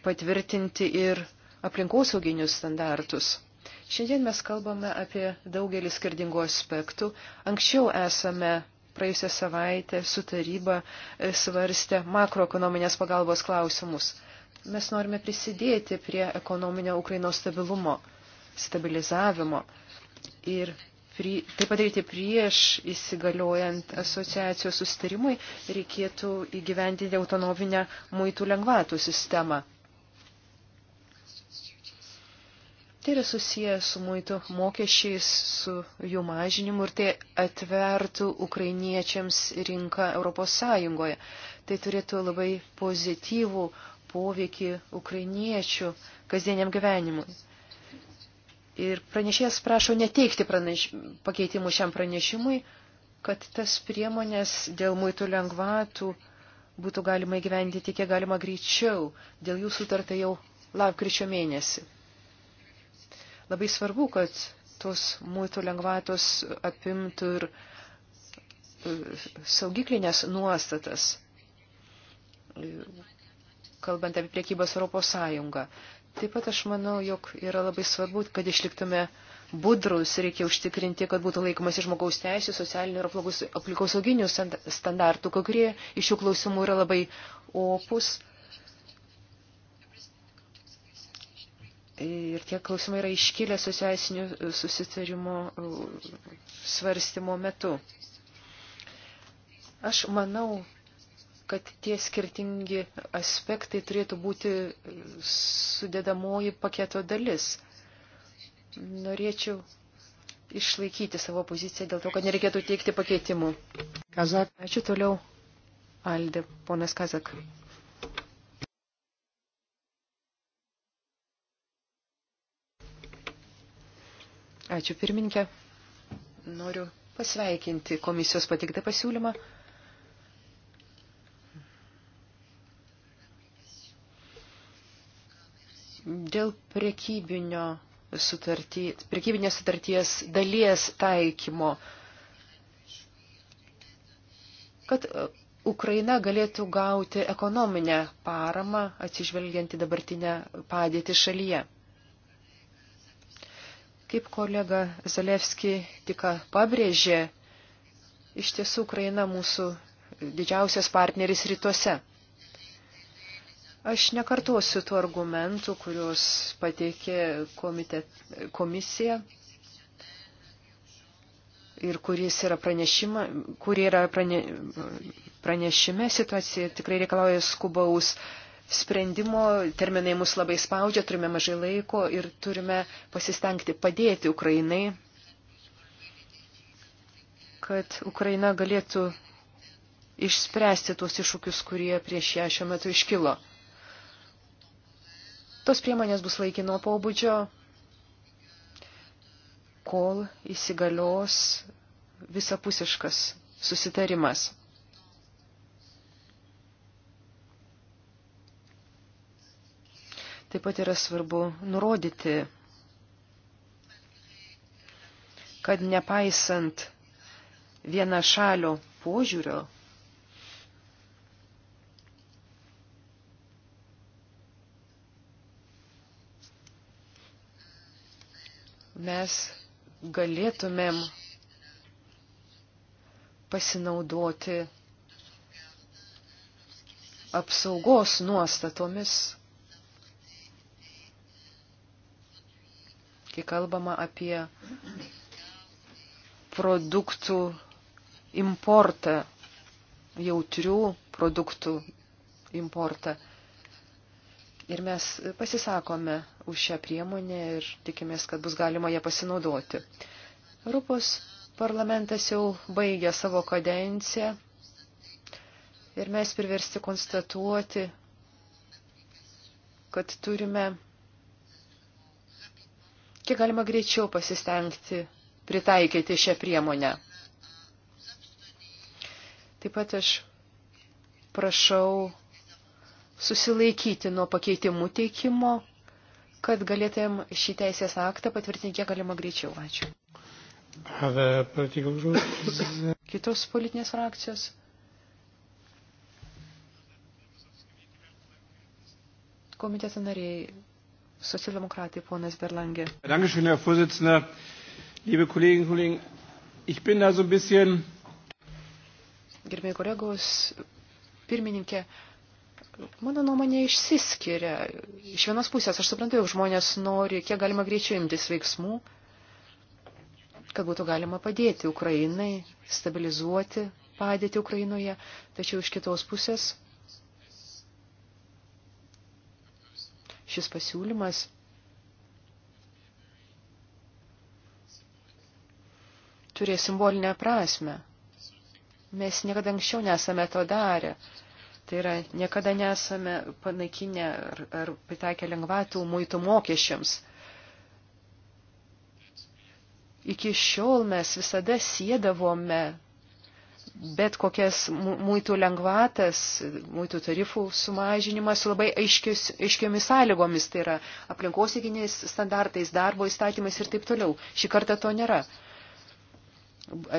patvirtinti ir aplinkosauginius standartus. Šiandien mes kalbame apie daugelį skirtingų aspektų. Anksčiau esame praėjusią savaitę su taryba e, svarstę makroekonominės pagalbos klausimus. Mes norime prisidėti prie ekonominio Ukrainos stabilumo, stabilizavimo ir pri, tai padaryti prieš įsigaliojant asociacijos sustarimui reikėtų įgyvendinti autonominę muitų lengvatų sistemą. Tai yra susijęs su muitų mokesčiais, su jų mažinimu ir tai atvertų ukrainiečiams rinką Europos Sąjungoje. Tai turėtų labai pozityvų poveikį ukrainiečių kasdieniam gyvenimui. Ir pranešėjas prašo neteikti praneš... pakeitimų šiam pranešimui, kad tas priemonės dėl muitų lengvatų būtų galima įgyvendyti kiek galima greičiau. Dėl jų sutarta jau lapkričio mėnesį. Labai svarbu, kad tos muitų lengvatos apimtų ir e, saugiklinės nuostatas, e, kalbant apie priekybos Europos Sąjungą. Taip pat aš manau, jog yra labai svarbu, kad išliktume budrus, reikia užtikrinti, kad būtų laikomasi žmogaus teisų, socialinių ir aplinkosauginių standartų, kai kurie iš šių klausimų yra labai opus, Ir tie klausimai yra iškilę socialinių susitarimo svarstymo metu. Aš manau, kad tie skirtingi aspektai turėtų būti sudėdamoji paketo dalis. Norėčiau išlaikyti savo poziciją dėl to, kad nereikėtų teikti pakeitimų. Kazak. Ačiū toliau. Aldė, ponas Kazak. Ačiū pirmininkė. Noriu pasveikinti komisijos patiktą pasiūlymą. Dėl prekybinio sutarty, prekybinės sutarties dalies taikymo, kad Ukraina galėtų gauti ekonominę paramą atsižvelgianti dabartinę padėtį šalyje. Kaip kolega Zalevski tik pabrėžė, iš tiesų Ukraina mūsų didžiausias partneris rytuose. Aš nekartosiu tų argumentų, kuriuos pateikė komitet, komisija ir kuris yra pranešima, kur yra prane, pranešime situacija tikrai reikalauja skubaus sprendimo, terminai mus labai spaudžia, turime mažai laiko ir turime pasistengti padėti Ukrainai, kad Ukraina galėtų išspręsti tuos iššūkius, kurie prieš ją šiuo metu iškilo. Tos priemonės bus laikino pobūdžio, kol įsigalios visapusiškas susitarimas. Taip pat yra svarbu nurodyti, kad nepaisant viena šalio požiūrio, mes galėtumėm pasinaudoti apsaugos nuostatomis kai kalbama apie produktų importą, jautrių produktų importą. Ir mes pasisakome už šią priemonę ir tikimės, kad bus galima ją pasinaudoti. Europos parlamentas jau baigė savo kadenciją ir mes priversti konstatuoti, kad turime kiek galima greičiau pasistengti pritaikyti šią priemonę. Taip pat aš prašau susilaikyti nuo pakeitimų teikimo, kad galėtumėm šį teisės aktą patvirtinti kiek galima greičiau. Ačiū. Kitos politinės frakcijos. Komiteto nariai Socialdemokratai, ponas Berlangė. Dankeschön, Herr Vorsitzender. Liebe Kolleginnen und Kollegen, ich bin da so ein bisschen. Gerbėjai kolegos, pirmininkė, mano nuomonė išsiskiria. Iš vienos pusės aš suprantu, jog žmonės nori, kiek galima greičiau imtis veiksmų, kad būtų galima padėti Ukrainai, stabilizuoti padėti Ukrainoje, tačiau iš kitos pusės Šis pasiūlymas turės simbolinę prasme. Mes niekada anksčiau nesame to darę. Tai yra, niekada nesame panaikinę ar, ar pritaikę lengvatų muitų mokesčiams. Iki šiol mes visada sėdavome bet kokias muitų lengvatas, muitų tarifų sumažinimas su labai aiškius, aiškiomis sąlygomis, tai yra aplinkosiginiais standartais, darbo įstatymais ir taip toliau. Šį kartą to nėra.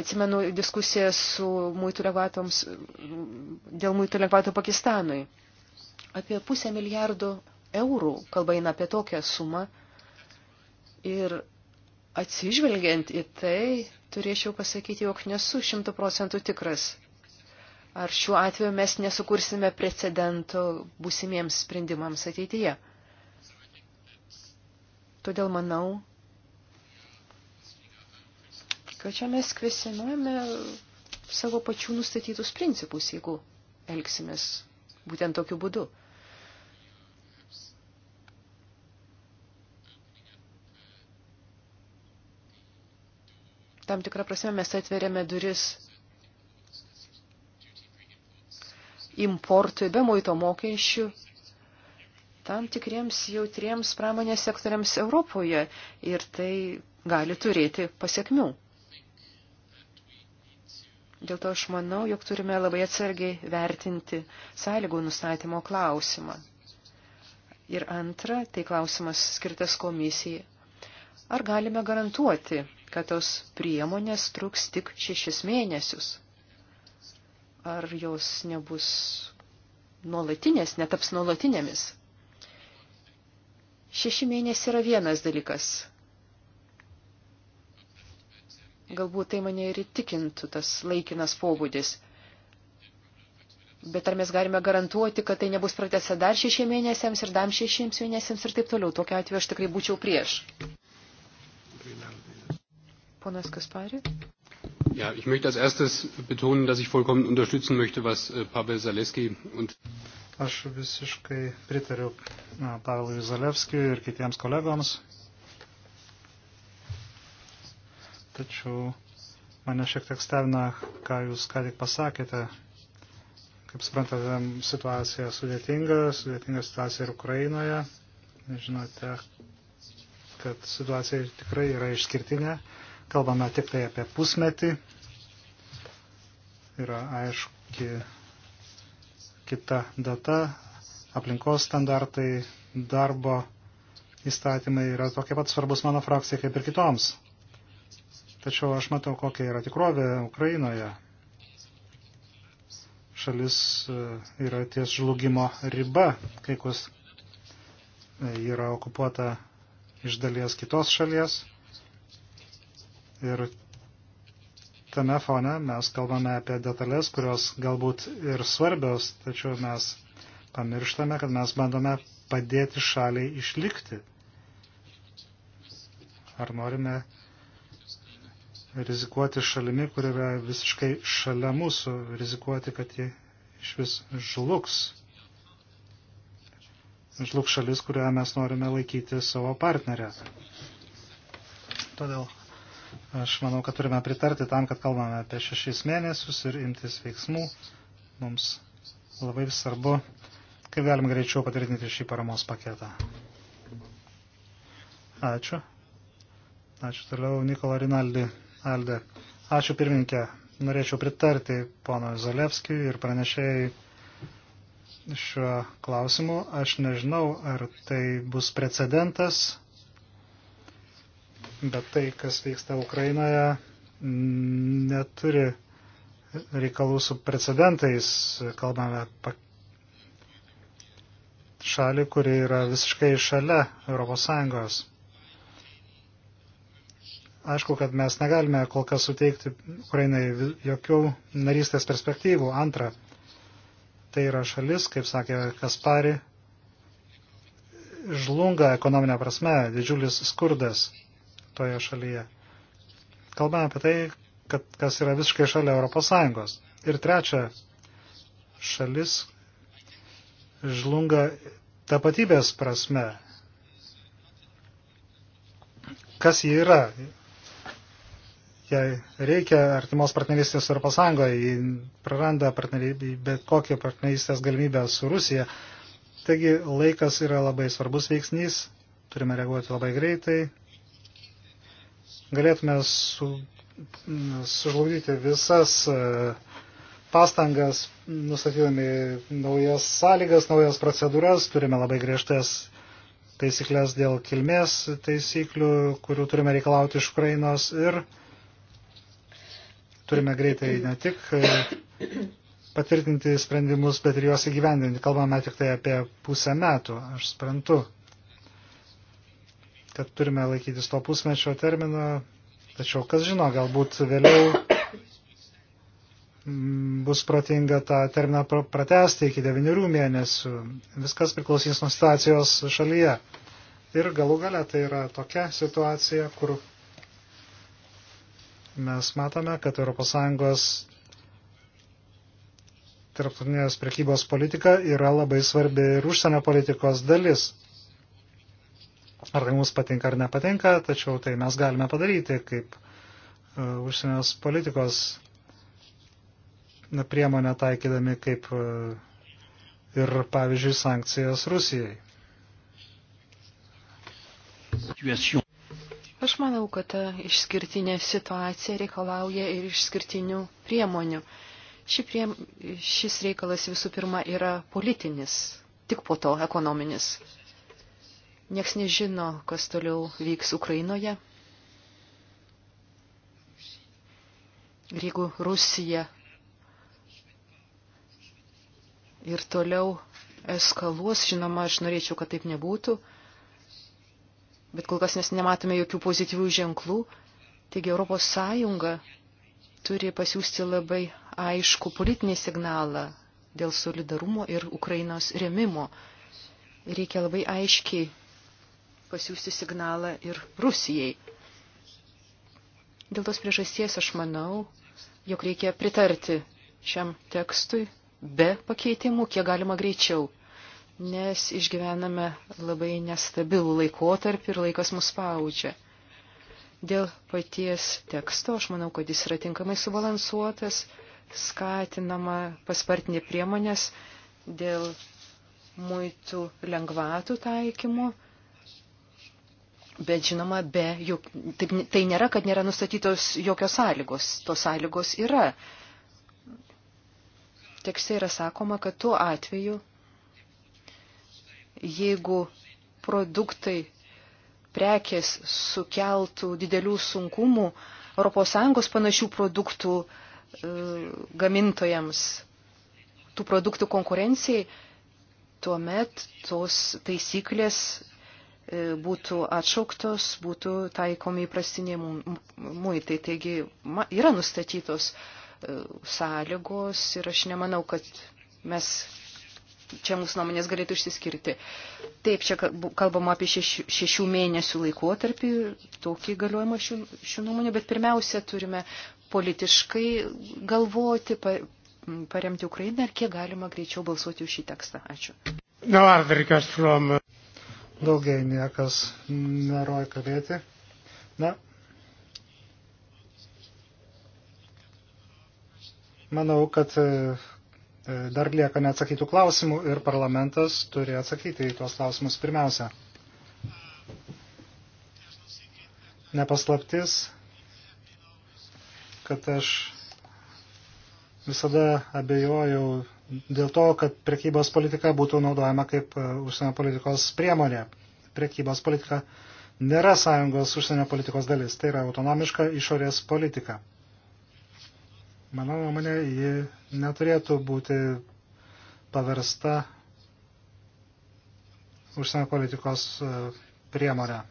Atsimenu diskusiją su muitų lengvatoms, dėl muitų lengvato Pakistanui. Apie pusę milijardų eurų kalba eina apie tokią sumą. Ir Atsižvelgiant į tai, turėčiau pasakyti, jog nesu šimtų procentų tikras. Ar šiuo atveju mes nesukursime precedento būsimiems sprendimams ateityje? Todėl manau, kad čia mes kvesionuojame savo pačių nustatytus principus, jeigu elgsimės būtent tokiu būdu. tam tikrą prasme mes atveriame duris importui be muito mokesčių tam tikriems jautriems pramonės sektoriams Europoje ir tai gali turėti pasiekmių. Dėl to aš manau, jog turime labai atsargiai vertinti sąlygų nustatymo klausimą. Ir antra, tai klausimas skirtas komisijai. Ar galime garantuoti, kad tos priemonės truks tik šešis mėnesius. Ar jos nebus nuolatinės, netaps nuolatinėmis? Šeši mėnesiai yra vienas dalykas. Galbūt tai mane ir įtikintų tas laikinas pobūdis. Bet ar mes galime garantuoti, kad tai nebus pratęsta dar šešiems mėnesiams ir dar šešiems mėnesiams ir taip toliau? Tokiu atveju aš tikrai būčiau prieš. Ponas Kaspari. Ja, ich möchte als erstes betonen, dass ich vollkommen unterstützen möchte, was äh, Pavel Zaleski und Aš visiškai pritariu Pavelui Zalevskijui ir kitiems kolegoms. Tačiau mane šiek tiek stebina, ką jūs ką tik pasakėte. Kaip suprantate, situacija sudėtinga, sudėtinga situacija ir Ukrainoje. Žinote, kad situacija tikrai yra išskirtinė kalbame tik tai apie pusmetį. Yra aiški kita data, aplinkos standartai, darbo įstatymai yra tokie pat svarbus mano frakcijai kaip ir kitoms. Tačiau aš matau, kokia yra tikrovė Ukrainoje. Šalis e, yra ties žlugimo riba, kai kus e, yra okupuota iš dalies kitos šalies. Ir tame fone mes kalbame apie detalės, kurios galbūt ir svarbios, tačiau mes pamirštame, kad mes bandome padėti šaliai išlikti. Ar norime rizikuoti šalimi, kur yra visiškai šalia mūsų, rizikuoti, kad ji iš vis žlugs. Žlugs šalis, kurią mes norime laikyti savo partnerę. Todėl Aš manau, kad turime pritarti tam, kad kalbame apie šešis mėnesius ir imtis veiksmų. Mums labai svarbu, kaip galim greičiau patvirtinti šį paramos paketą. Ačiū. Ačiū toliau Nikola Rinaldi Alde. Ačiū pirmininkė. Norėčiau pritarti pono Zalevskijui ir pranešėjai šiuo klausimu. Aš nežinau, ar tai bus precedentas bet tai, kas vyksta Ukrainoje, neturi reikalų su precedentais. Kalbame apie šalį, kuri yra visiškai šalia ES. Aišku, kad mes negalime kol kas suteikti Ukrainai jokių narystės perspektyvų. Antra, tai yra šalis, kaip sakė Kaspari, žlunga ekonominė prasme, didžiulis skurdas toje šalyje. Kalbame apie tai, kad kas yra visiškai šalia Europos Sąjungos. Ir trečia, šalis žlunga tapatybės prasme. Kas jį yra? Jei reikia artimos partnerystės Europos Sąjungoje, jį praranda bet kokią partnerystės galimybę su Rusija. Taigi laikas yra labai svarbus veiksnys, turime reaguoti labai greitai, galėtume su, sužlugdyti visas e, pastangas, nustatydami naujas sąlygas, naujas procedūras, turime labai griežtas taisyklės dėl kilmės taisyklių, kurių turime reikalauti iš Ukrainos ir turime greitai ne tik e, patvirtinti sprendimus, bet ir juos įgyvendinti. Kalbame tik tai apie pusę metų, aš sprantu kad turime laikytis to pusmečio termino, tačiau kas žino, galbūt vėliau mm, bus protinga tą terminą pratesti iki devynių mėnesių. Viskas priklausys nuo situacijos šalyje. Ir galų gale tai yra tokia situacija, kur mes matome, kad ES tarptautinės prekybos politika yra labai svarbi ir užsienio politikos dalis. Ar tai mums patinka ar nepatinka, tačiau tai mes galime padaryti kaip e, užsienios politikos priemonę taikydami kaip e, ir, pavyzdžiui, sankcijas Rusijai. Aš manau, kad ta e, išskirtinė situacija reikalauja ir išskirtinių priemonių. Ši prie, šis reikalas visų pirma yra politinis, tik po to ekonominis. Niekas nežino, kas toliau vyks Ukrainoje. Ir jeigu Rusija ir toliau eskaluos, žinoma, aš norėčiau, kad taip nebūtų, bet kol kas mes nematome jokių pozityvių ženklų, taigi Europos Sąjunga turi pasiūsti labai aišku politinį signalą dėl solidarumo ir Ukrainos remimo. Reikia labai aiškiai pasiūsti signalą ir Rusijai. Dėl tos priežasties aš manau, jog reikia pritarti šiam tekstui be pakeitimų, kiek galima greičiau, nes išgyvename labai nestabilų laikotarpį ir laikas mus spaudžia. Dėl paties teksto aš manau, kad jis yra tinkamai subalansuotas, skatinama paspartinė priemonės dėl muitų lengvatų taikymų Bet žinoma, be, jok, taip, tai nėra, kad nėra nustatytos jokios sąlygos. Tos sąlygos yra. Tekste yra sakoma, kad tuo atveju, jeigu produktai, prekės sukeltų didelių sunkumų ES panašių produktų e, gamintojams, tų produktų konkurencijai, tuomet tos taisyklės E, būtų atšauktos, būtų taikomi įprastiniai muitai. Taigi yra nustatytos e, sąlygos ir aš nemanau, kad mes čia mūsų nuomonės galėtų išsiskirti. Taip, čia kalbama apie šešių, šešių mėnesių laikotarpį, tokį galiojimą šių, šių nuomonė, bet pirmiausia turime politiškai galvoti, pa, paremti Ukrainą ir kiek galima greičiau balsuoti už šį tekstą. Ačiū. From... Uh, Daugiai niekas neroja kalbėti. Na, manau, kad e, e, dar lieka neatsakytų klausimų ir parlamentas turi atsakyti į tuos klausimus pirmiausia. Nepaslaptis, kad aš visada abejojau dėl to, kad prekybos politika būtų naudojama kaip e, užsienio politikos priemonė. Prekybos politika nėra sąjungos užsienio politikos dalis, tai yra autonomiška išorės politika. Mano nuomonė, ji neturėtų būti paversta užsienio politikos e, priemonė.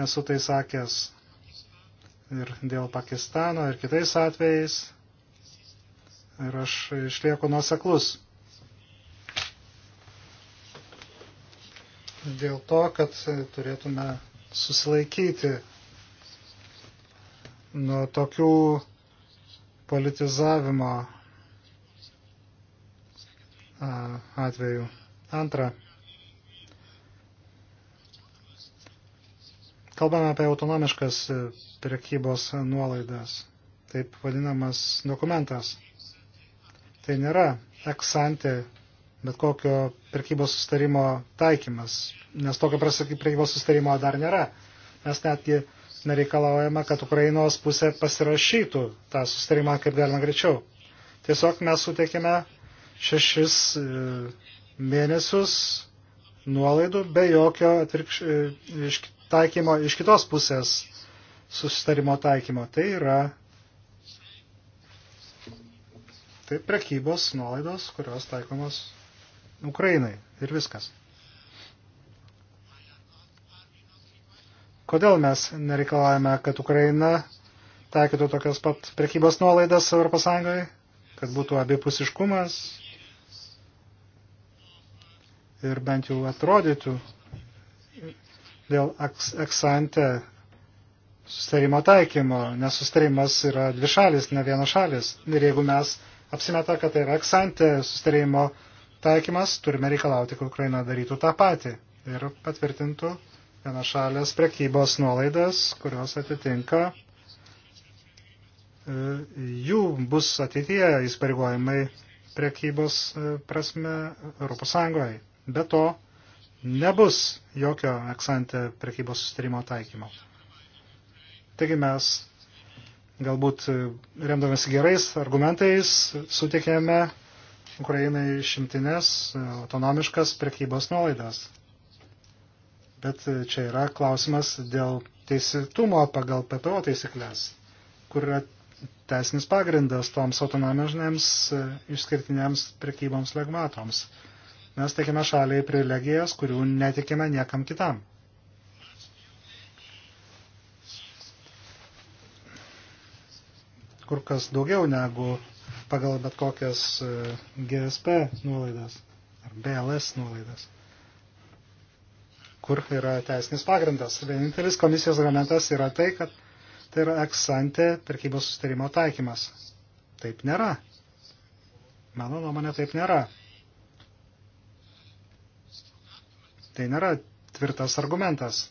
Esu tai sakęs ir dėl Pakistano, ir kitais atvejais, ir aš išlieku nuoseklus. Dėl to, kad turėtume susilaikyti nuo tokių politizavimo atveju. Antra. Kalbame apie autonomiškas prekybos nuolaidas, taip vadinamas dokumentas. Tai nėra eksante bet kokio prekybos sustarimo taikymas, nes tokio prekybos sustarimo dar nėra. Mes netgi nereikalaujame, kad Ukrainos pusė pasirašytų tą sustarimą kaip galima greičiau. Tiesiog mes suteikėme šešis e, mėnesius nuolaidų be jokio atvirkš, e, iš, taikymo iš kitos pusės susitarimo taikymo. Tai yra Tai prekybos nuolaidos, kurios taikomos Ukrainai ir viskas. Kodėl mes nereikalavome, kad Ukraina taikytų tokias pat prekybos nuolaidas ES, kad būtų abipusiškumas ir bent jau atrodytų dėl eksante sustarimo taikymo, nes sustarimas yra dvišalis, ne vienašalis. Ir jeigu mes apsimeta, kad tai yra eksantė sustarėjimo taikymas, turime reikalauti, kad Ukraina darytų tą patį ir patvirtintų vienašalės prekybos nuolaidas, kurios atitinka e, jų bus ateityje įsipareigojimai prekybos e, prasme Europos Sąjungoje. Be to, nebus jokio eksantė prekybos sustarimo taikymo. Taigi mes galbūt e, remdamasi gerais argumentais sutikėme Ukrainai šimtinės e, autonomiškas prekybos nuolaidas. Bet e, čia yra klausimas dėl teisėtumo pagal PPO taisyklės, kur yra teisinis pagrindas toms autonomiškiems išskirtiniams prekyboms legmatoms. Mes teikime šaliai privilegijas, kurių netikime niekam kitam. kur kas daugiau negu pagal bet kokias e, GSP nuolaidas ar BLS nuolaidas, kur yra teisinis pagrindas. Vienintelis komisijos reglamentas yra tai, kad tai yra eksante prekybos sustarimo taikymas. Taip nėra. Mano nuomonė taip nėra. Tai nėra tvirtas argumentas.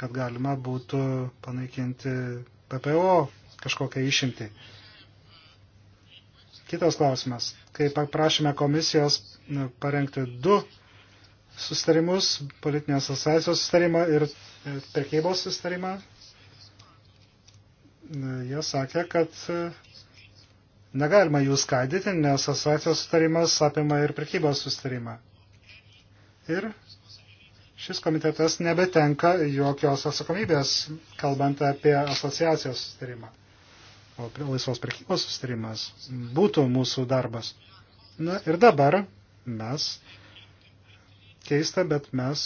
kad galima būtų panaikinti PPO kažkokią išimtį. Kitas klausimas. Kai paprašėme komisijos nu, parengti du sustarimus, politinės asociacijos sustarimą ir prekybos sustarimą, nu, jie sakė, kad e, negalima jų skaidyti, nes asociacijos sustarimas apima ir prekybos sustarimą. Ir šis komitetas nebetenka jokios atsakomybės, kalbant apie asociacijos sustarimą. O laisvos prekybos sustarimas būtų mūsų darbas. Na ir dabar mes, keista, bet mes,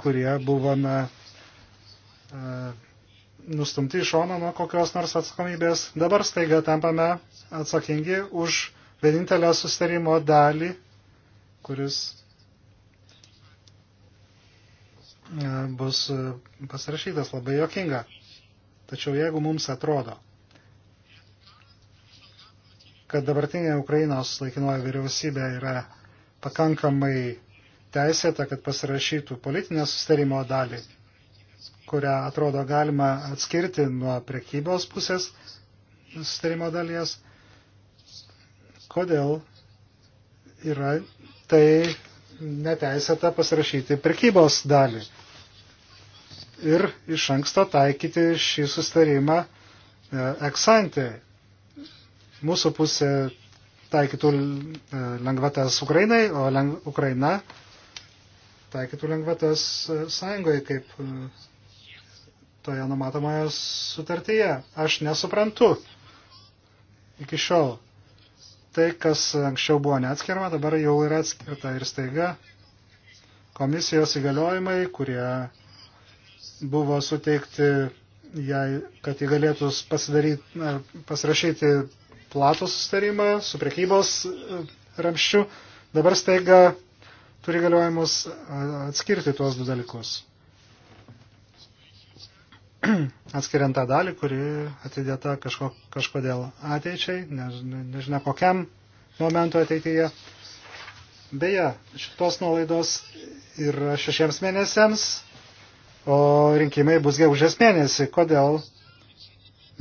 kurie buvome e, nustumti į šoną nuo kokios nors atsakomybės, dabar staiga tampame atsakingi už vienintelę sustarimo dalį, kuris bus pasirašytas labai jokinga. Tačiau jeigu mums atrodo, kad dabartinė Ukrainos laikinoji vyriausybė yra pakankamai teisėta, kad pasirašytų politinę sustarimo dalį, kurią atrodo galima atskirti nuo prekybos pusės sustarimo dalies, kodėl yra tai neteisėta pasirašyti prekybos dalį ir iš anksto taikyti šį sustarimą e, eksantį. Mūsų pusė taikytų e, lengvatas Ukrainai, o leng Ukraina taikytų lengvatas e, sąjungoje, kaip toje numatomoje sutartyje. Aš nesuprantu iki šiol. Tai, kas anksčiau buvo neatskirma, dabar jau yra atskirta ir staiga komisijos įgaliojimai, kurie buvo suteikti jai, kad jie galėtų pasirašyti platų sustarimą su prekybos e, ramščiu. Dabar staiga turi galiojimus atskirti tuos du dalykus. (clears throat) Atskiriant tą dalį, kuri atidėta kažko, kažkodėl ateičiai, než, nežinia kokiam momentu ateityje. Beje, šitos nuolaidos yra šešiems mėnesiams, o rinkimai bus gegužės mėnesį. Kodėl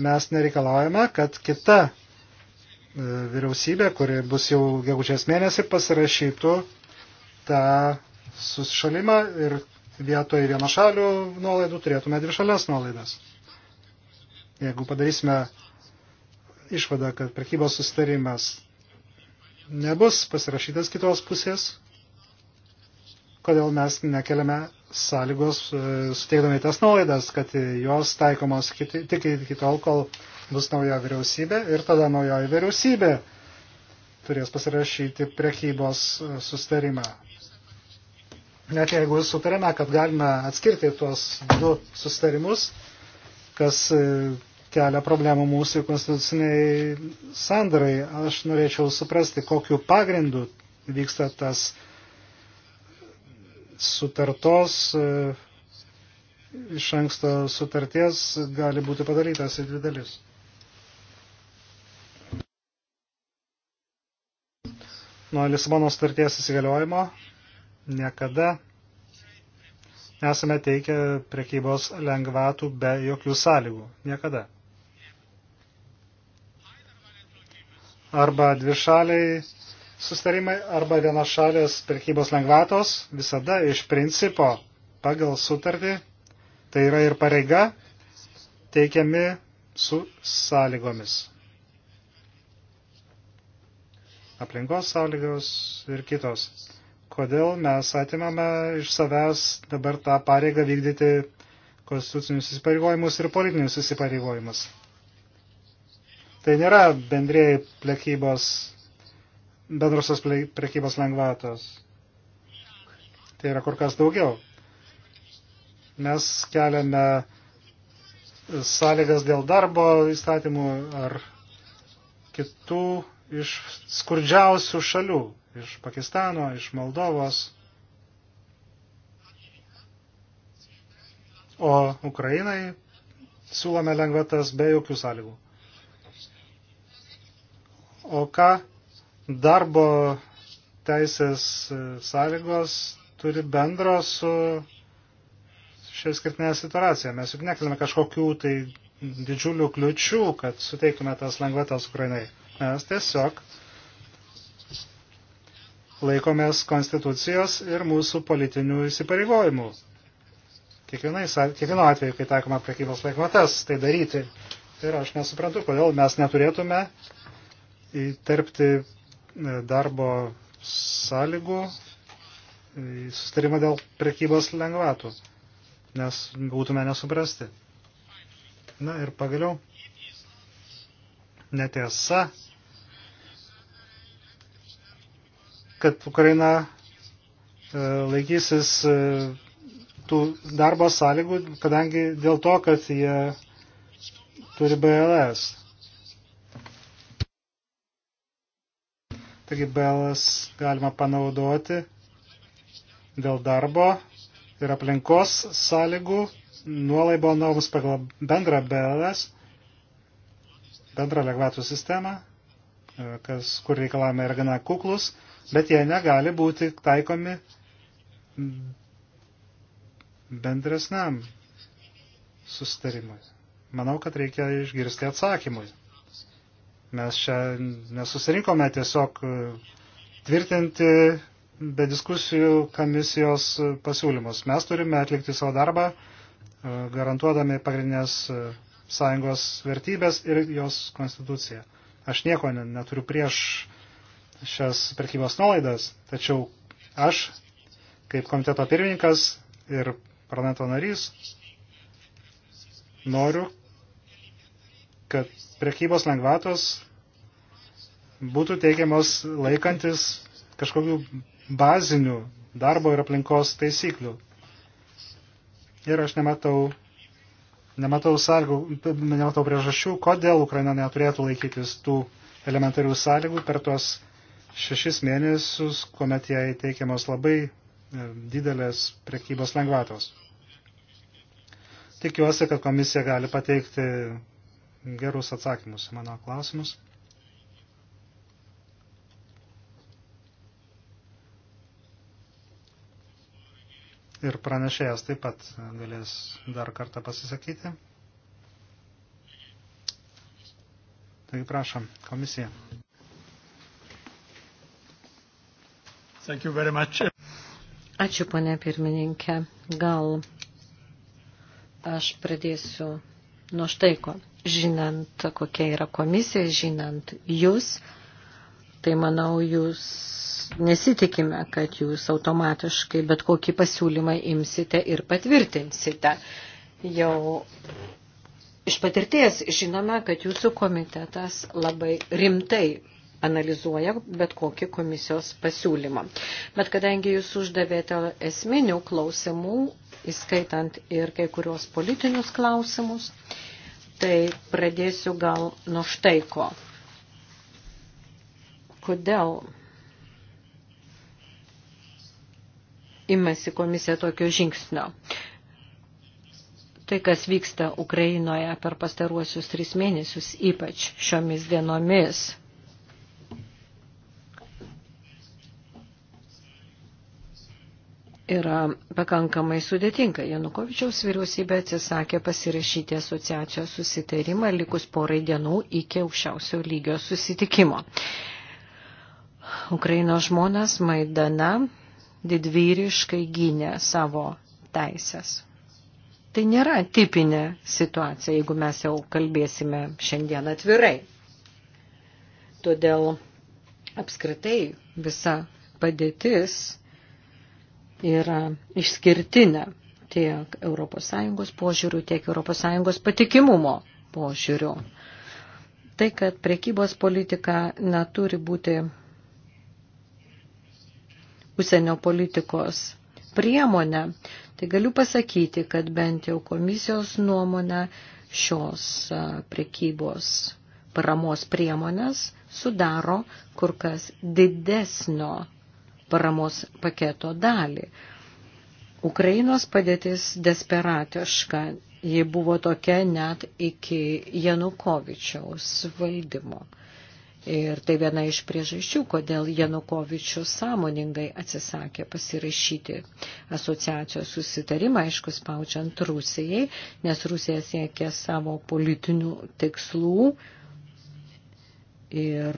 mes nereikalaujame, kad kita e, vyriausybė, kuri bus jau gegužės mėnesį, pasirašytų tą susišalimą ir vietoje vieno šalių nuolaidų turėtume dvi šalias nuolaidas. Jeigu padarysime išvadą, kad prekybos susitarimas nebus pasirašytas kitos pusės, kodėl mes nekeliame sąlygos e, suteikdami tas nuolaidas, kad jos taikomos kiti, tik iki tol, kol bus nauja vyriausybė ir tada naujoji vyriausybė turės pasirašyti priekybos e, sustarimą. Net jeigu sutarėme, kad galime atskirti tuos du sustarimus, kas e, kelia problemų mūsų konstituciniai sandarai, aš norėčiau suprasti, kokiu pagrindu vyksta tas sustarimas sutartos, e, iš anksto sutarties gali būti padarytas į dvi dalis. Nuo Lisabono sutarties įsigaliojimo niekada nesame teikę prekybos lengvatų be jokių sąlygų. Niekada. Arba dvišaliai Sustarimai arba vienašalės prekybos lengvatos visada iš principo pagal sutartį, tai yra ir pareiga, teikiami su sąlygomis. Aplinkos sąlygos ir kitos. Kodėl mes atimame iš savęs dabar tą pareigą vykdyti konstitucinius įsipareigojimus ir politinius įsipareigojimus. Tai nėra bendrėjai plekybos bendrosios prekybos lengvatos. Tai yra kur kas daugiau. Mes keliame sąlygas dėl darbo įstatymų ar kitų iš skurdžiausių šalių, iš Pakistano, iš Moldovos. O Ukrainai siūlome lengvatas be jokių sąlygų. O ką darbo teisės e, sąlygos turi bendro su šia skirtinė situacija. Mes juk nekalime kažkokių tai didžiulių kliučių, kad suteiktume tas lengvatas Ukrainai. Mes tiesiog laikomės konstitucijos ir mūsų politinių įsipareigojimų. Kiekvieno atveju, kai taikoma prekybos lengvatas, tai daryti. Ir aš nesuprantu, kodėl mes neturėtume įterpti darbo sąlygų, sustarimą dėl prekybos lengvatų, nes būtume nesuprasti. Na ir pagaliau, netiesa, kad Ukraina e, laikysis e, tų darbo sąlygų, kadangi dėl to, kad jie turi BLS. Taigi belas galima panaudoti dėl darbo ir aplinkos sąlygų nuolaibo norms pagal bendrą belas, bendrą lengvatų sistemą, e, kas, kur reikalavimai yra gana kuklus, bet jie negali būti taikomi bendresniam sustarimui. Manau, kad reikia išgirsti atsakymui. Mes čia nesusirinkome tiesiog e, tvirtinti be diskusijų komisijos pasiūlymus. Mes turime atlikti savo darbą, e, garantuodami pagrindinės e, sąjungos vertybės ir jos konstituciją. Aš nieko neturiu prieš šias prekybos nuolaidas, tačiau aš, kaip komiteto pirmininkas ir parlamento narys, noriu, kad prekybos lengvatos būtų teikiamos laikantis kažkokių bazinių darbo ir aplinkos taisyklių. Ir aš nematau, nematau, sargų, nematau priežasčių, kodėl Ukraina neturėtų laikytis tų elementarių sąlygų per tuos šešis mėnesius, kuomet jai teikiamos labai e, didelės prekybos lengvatos. Tikiuosi, kad komisija gali pateikti gerus atsakymus į mano klausimus. Ir pranešėjas taip pat galės dar kartą pasisakyti. Taigi prašom, komisija. Thank you very much. Ačiū, ponė pirmininkė. Gal aš pradėsiu nuo štai ko žinant, kokia yra komisija, žinant jūs, tai manau, jūs nesitikime, kad jūs automatiškai bet kokį pasiūlymą imsite ir patvirtinsite. Jau iš patirties žinome, kad jūsų komitetas labai rimtai analizuoja bet kokį komisijos pasiūlymą. Bet kadangi jūs uždavėte esminių klausimų, įskaitant ir kai kurios politinius klausimus, tai pradėsiu gal nuo štai ko. Kodėl imasi komisija tokio žingsnio? Tai, kas vyksta Ukrainoje per pastaruosius tris mėnesius, ypač šiomis dienomis, yra pakankamai sudėtinga. Janukovičiaus vyriausybė atsisakė pasirašyti asociacijos susitarimą likus porai dienų iki aukščiausio lygio susitikimo. Ukrainos žmonės Maidana didvyriškai gynė savo teisės. Tai nėra tipinė situacija, jeigu mes jau kalbėsime šiandien atvirai. Todėl apskritai visa padėtis yra išskirtinė tiek ES požiūrių, tiek ES patikimumo požiūrių. Tai, kad prekybos politika neturi būti užsienio politikos priemonė, tai galiu pasakyti, kad bent jau komisijos nuomonė šios prekybos paramos priemonės sudaro kur kas didesnio paramos paketo dalį. Ukrainos padėtis desperatiška, ji buvo tokia net iki Janukovičiaus valdymo. Ir tai viena iš priežasčių, kodėl Janukovičius sąmoningai atsisakė pasirašyti asociacijos susitarimą, aišku, spaučiant Rusijai, nes Rusija siekė savo politinių tikslų, ir,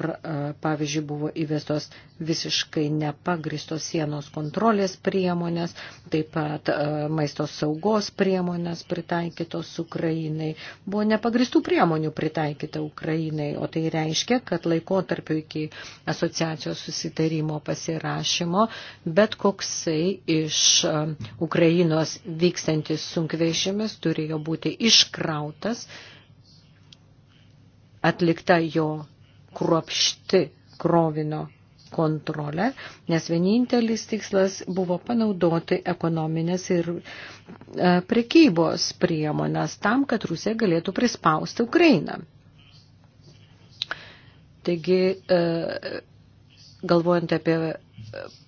pavyzdžiui, buvo įvestos visiškai nepagristos sienos kontrolės priemonės, taip pat maisto saugos priemonės pritaikytos Ukrainai. Buvo nepagristų priemonių pritaikyta Ukrainai, o tai reiškia, kad laikotarpiu iki asociacijos susitarimo pasirašymo bet koksai iš Ukrainos vykstantis sunkvežimis turėjo būti iškrautas atlikta jo kruopšti krovinio kontrolę, nes vienintelis tikslas buvo panaudoti ekonominės ir e, prekybos priemonės tam, kad Rusija galėtų prispausti Ukrainą. Taigi, e, galvojant apie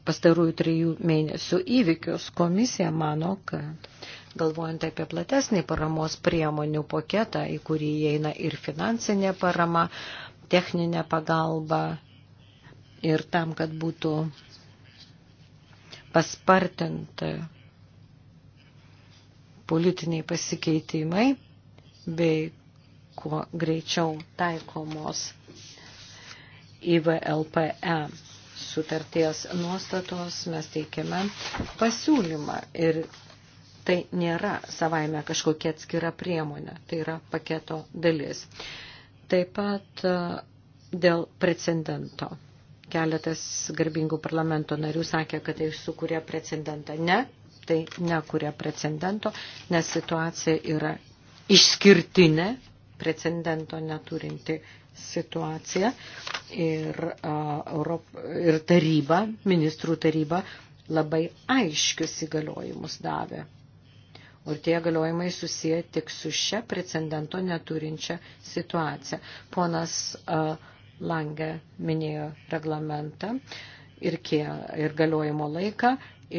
pastarųjų trijų mėnesių įvykius, komisija mano, kad galvojant apie platesnį paramos priemonių paketą, į kurį įeina ir finansinė parama, techninę pagalbą ir tam, kad būtų paspartinti politiniai pasikeitimai bei kuo greičiau taikomos IVLPE sutarties nuostatos mes teikiame pasiūlymą ir tai nėra savaime kažkokia atskira priemonė, tai yra paketo dalis. Taip pat e, dėl precedento. Keletas garbingų parlamento narių sakė, kad tai sukuria precedentą. Ne, tai nekuria precedento, nes situacija yra išskirtinė, precedento neturinti situacija. Ir, uh, Europ, ir taryba, ministrų taryba labai aiškius įgaliojimus davė Ir tie galiojimai susiję tik su šia precedento neturinčia situacija. Ponas Lange minėjo reglamentą ir, kie, ir galiojimo laiką.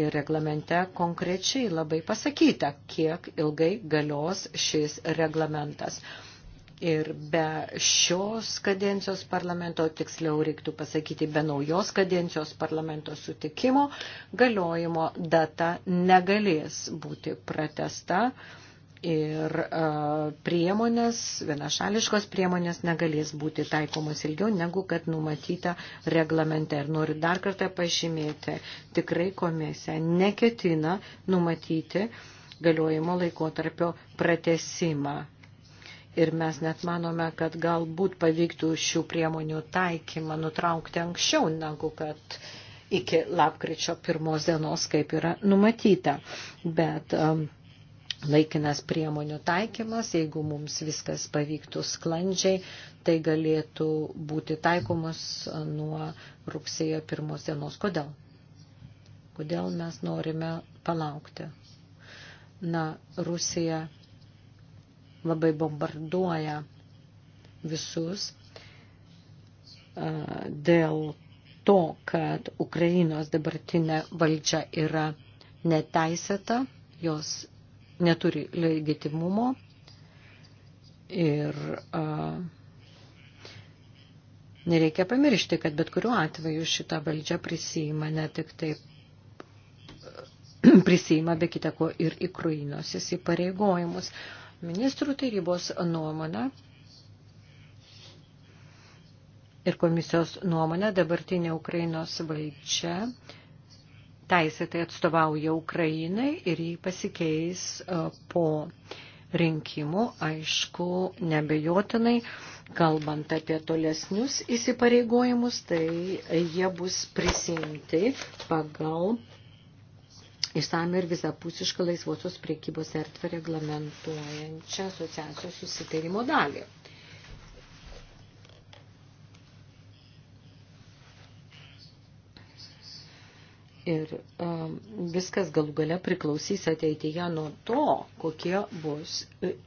Ir reglamente konkrečiai labai pasakyta, kiek ilgai galios šis reglamentas. Uh, Ir be šios kadencijos parlamento, tiksliau reiktų pasakyti, be naujos kadencijos parlamento sutikimo, galiojimo data negalės būti pratesta ir priemonės, vienašališkos priemonės negalės būti taikomos ilgiau negu kad numatyta reglamente. Ir noriu dar kartą pažymėti, tikrai komisija neketina numatyti galiojimo laikotarpio pratesimą ir mes net manome, kad galbūt pavyktų šių priemonių taikymą nutraukti anksčiau, negu kad iki lapkričio pirmos dienos, kaip yra numatyta. Bet um, laikinas priemonių taikymas, jeigu mums viskas pavyktų sklandžiai, tai galėtų būti taikomas nuo rugsėjo pirmos dienos. Kodėl? Kodėl mes norime palaukti? Na, Rusija labai bombarduoja visus dėl to, kad Ukrainos dabartinė valdžia yra neteisėta, jos neturi legitimumo ir a, nereikia pamiršti, kad bet kuriuo atveju šitą valdžią prisijima ne tik taip (clears throat) prisijima be kitako ir Ukrainos įsipareigojimus. Ministrų tarybos nuomonę ir komisijos nuomonę dabartinė Ukrainos valdžia teisėtai atstovauja Ukrainai ir jį pasikeis e, po rinkimų, aišku, nebejotinai, kalbant apie tolesnius įsipareigojimus, tai jie bus prisimti pagal išsame ir visapusišką laisvosios priekybos erdvę reglamentuojančią asociacijos susitarimo dalį. Ir um, viskas galų gale priklausys ateityje nuo to, kokie bus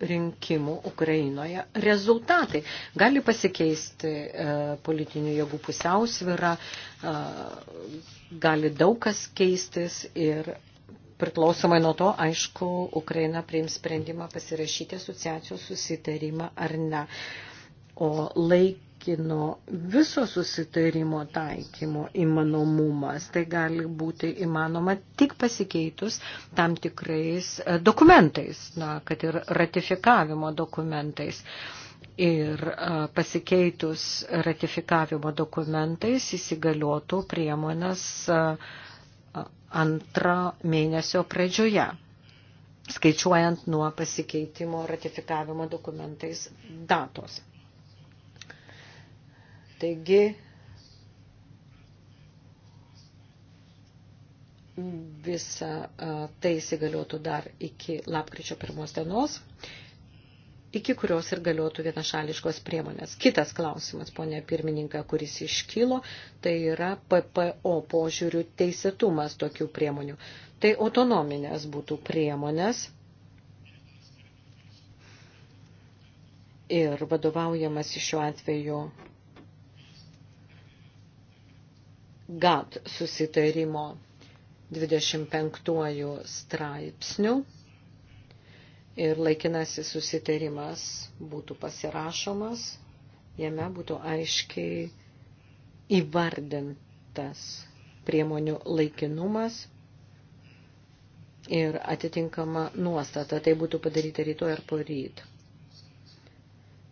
rinkimų Ukrainoje rezultatai. Gali pasikeisti uh, politinių jėgų pusiausvyrą, uh, e, gali daug kas keistis ir priklausomai nuo to, aišku, Ukraina priims sprendimą pasirašyti asociacijos susitarimą ar ne. O laikino viso susitarimo taikymo įmanomumas tai gali būti įmanoma tik pasikeitus tam tikrais e, dokumentais, na, kad ir ratifikavimo dokumentais ir e, pasikeitus ratifikavimo dokumentais įsigaliotų priemonės e, antrą mėnesio pradžioje, skaičiuojant nuo pasikeitimo ratifikavimo dokumentais datos. Taigi, visa tai įsigaliotų dar iki lapkričio pirmos dienos iki kurios ir galiotų vienašališkos priemonės. Kitas klausimas, ponė pirmininka, kuris iškilo, tai yra PPO požiūrių teisėtumas tokių priemonių. Tai autonominės būtų priemonės ir vadovaujamas šiuo atveju GATT susitarimo 25 straipsnių ir laikinasis susitarimas būtų pasirašomas, jame būtų aiškiai įvardintas priemonių laikinumas ir atitinkama nuostata. Tai būtų padaryta rytoj ar poryt.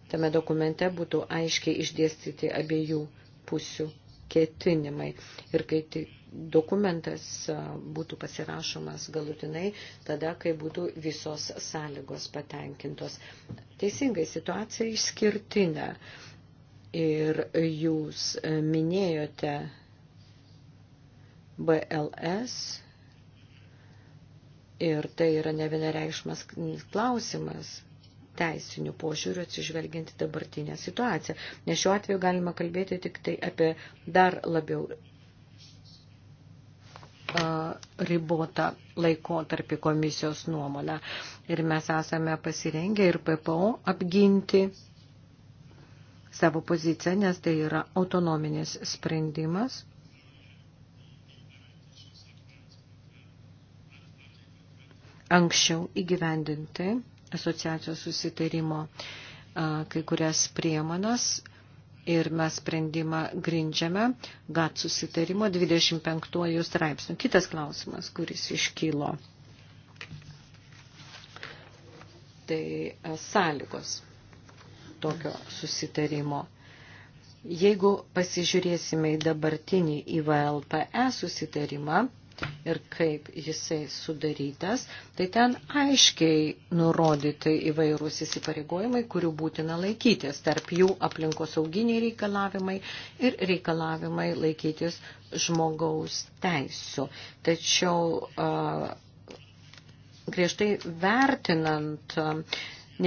Tame dokumente būtų aiškiai išdėstyti abiejų pusių ketinimai. Ir kai tik dokumentas būtų pasirašomas galutinai tada, kai būtų visos sąlygos patenkintos. Teisingai, situacija išskirtinė. Ir jūs minėjote BLS ir tai yra ne vienareikšmas klausimas, teisinių požiūrių atsižvelgianti dabartinę situaciją. Nes šiuo atveju galima kalbėti tik tai apie dar labiau ribotą laikotarpį komisijos nuomonę. Ir mes esame pasirengę ir PPO apginti savo poziciją, nes tai yra autonominis sprendimas. Anksčiau įgyvendinti asociacijos susitarimo kai kurias priemonas ir mes sprendimą grindžiame GAT susitarimo 25 straipsnių. Kitas klausimas, kuris iškylo, tai e, sąlygos tokio susitarimo. Jeigu pasižiūrėsime į dabartinį IVLPE susitarimą, ir kaip jisai sudarytas, tai ten aiškiai nurodyti įvairūs įsipareigojimai, kurių būtina laikytis, tarp jų aplinkosauginiai reikalavimai ir reikalavimai laikytis žmogaus teisų. Tačiau a, griežtai vertinant, a,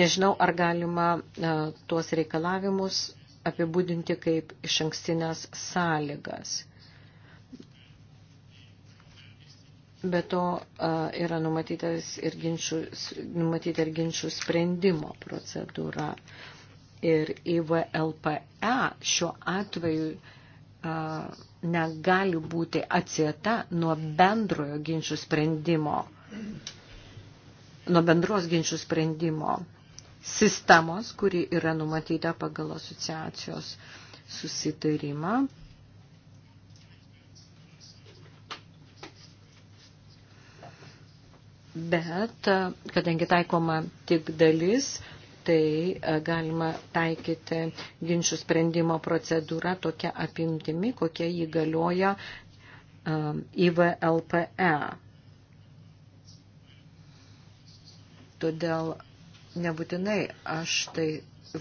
nežinau, ar galima a, tuos reikalavimus apibūdinti kaip iš ankstinės sąlygas Be to yra numatytas ir ginčių, numatyta ir ginčių sprendimo procedūra. Ir IVLPE šiuo atveju negali būti atsieta nuo bendrojo ginčių sprendimo, nuo bendros ginčių sprendimo sistemos, kuri yra numatyta pagal asociacijos susitarimą bet e, kadangi taikoma tik dalis, tai e, galima taikyti ginčių sprendimo procedūrą tokia apimtimi, kokia jį galioja IVLPE. E. Todėl nebūtinai aš tai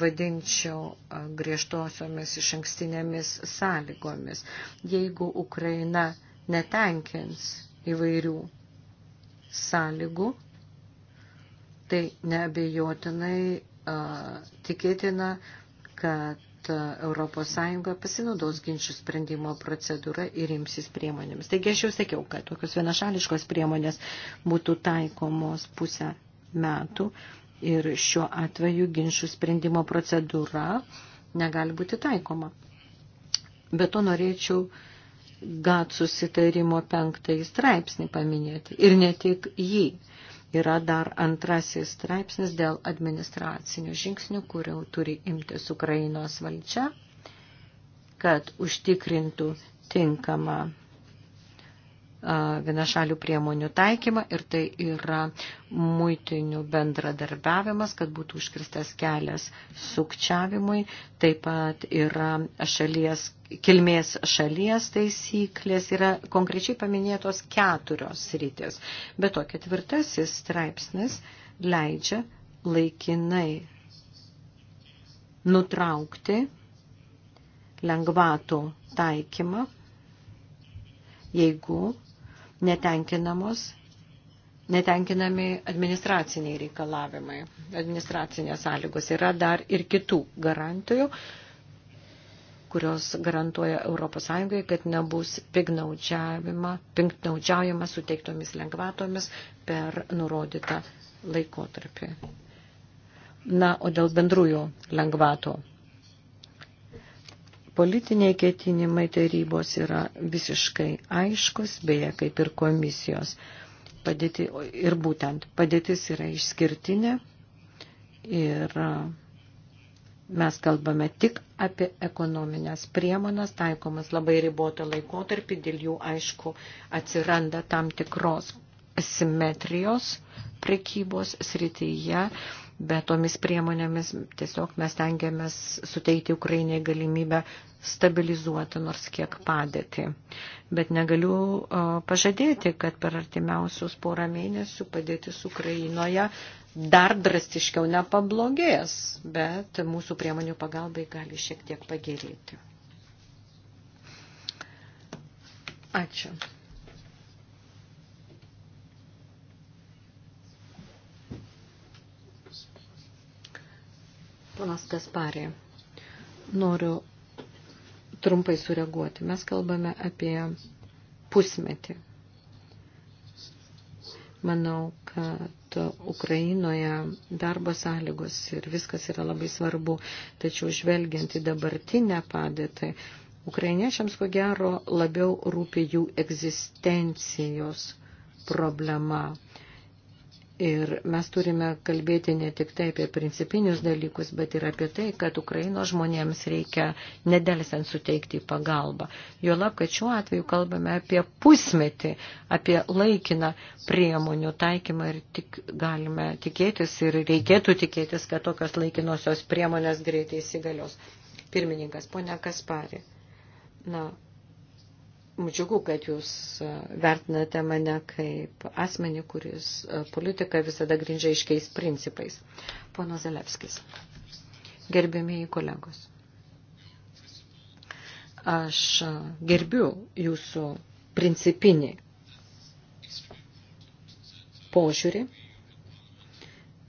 vadinčiau griežtosiomis iš ankstinėmis sąlygomis, jeigu Ukraina netenkins įvairių sąlygų, tai neabejotinai tikėtina, kad ES pasinaudos ginčių sprendimo procedūrą ir imsis priemonėms. Taigi aš jau sakiau, kad tokios vienašališkos priemonės būtų taikomos pusę metų ir šiuo atveju ginčių sprendimo procedūra negali būti taikoma. Bet to norėčiau uh, GAT susitarimo penktąjį straipsnį paminėti. Ir ne tik jį. Yra dar antrasis straipsnis dėl administracinių žingsnių, kurių turi imtis Ukrainos valdžia, kad užtikrintų tinkamą vienašalių priemonių taikymą ir tai yra muitinių bendradarbiavimas, kad būtų užkirstas kelias sukčiavimui, taip pat yra šalies, kilmės šalies taisyklės, yra konkrečiai paminėtos keturios rytis. Bet to ketvirtasis straipsnis leidžia laikinai nutraukti lengvatų taikymą jeigu netenkinamos, netenkinami administraciniai reikalavimai, administracinės sąlygos. Yra dar ir kitų garantijų, kurios garantuoja ES, kad nebus pinknaudžiaujama suteiktomis lengvatomis per nurodytą laikotarpį. Na, o dėl bendrųjų lengvato Politiniai ketinimai tarybos yra visiškai aiškus, beje, kaip ir komisijos. Padėti, ir būtent padėtis yra išskirtinė ir mes kalbame tik apie ekonominės priemonas, taikomas labai ribotą laikotarpį, dėl jų aišku atsiranda tam tikros asimetrijos prekybos srityje bet tomis priemonėmis tiesiog mes tengiamės suteikti Ukrainai galimybę stabilizuoti nors kiek padėtį. Bet negaliu pažadėti, kad per artimiausius porą mėnesių padėtis Ukrainoje dar drastiškiau nepablogės, bet mūsų priemonių pagalbai gali šiek tiek pagerėti. Ačiū. Ponas Kasparė, noriu trumpai sureaguoti. Mes kalbame apie pusmetį. Manau, kad Ukrainoje darbo sąlygos ir viskas yra labai svarbu, tačiau žvelgiant į dabartinę padėtį, ukrainiečiams ko gero labiau rūpi jų egzistencijos problema Ir mes turime kalbėti ne tik tai apie principinius dalykus, bet ir apie tai, kad Ukraino žmonėms reikia nedelsiant suteikti pagalbą. Jo lab, kad šiuo atveju kalbame apie pusmetį, apie laikiną priemonių taikymą ir tik galime tikėtis ir reikėtų tikėtis, kad tokios laikinosios priemonės greitai įsigalios. Pirmininkas, ponia Kaspari. Na, Džiugu, kad jūs e, vertinate mane kaip asmenį, kuris e, politiką visada grindžia iškiais principais. Pono Zelevskis, gerbėmėjai kolegos, aš e, gerbiu jūsų principinį požiūrį,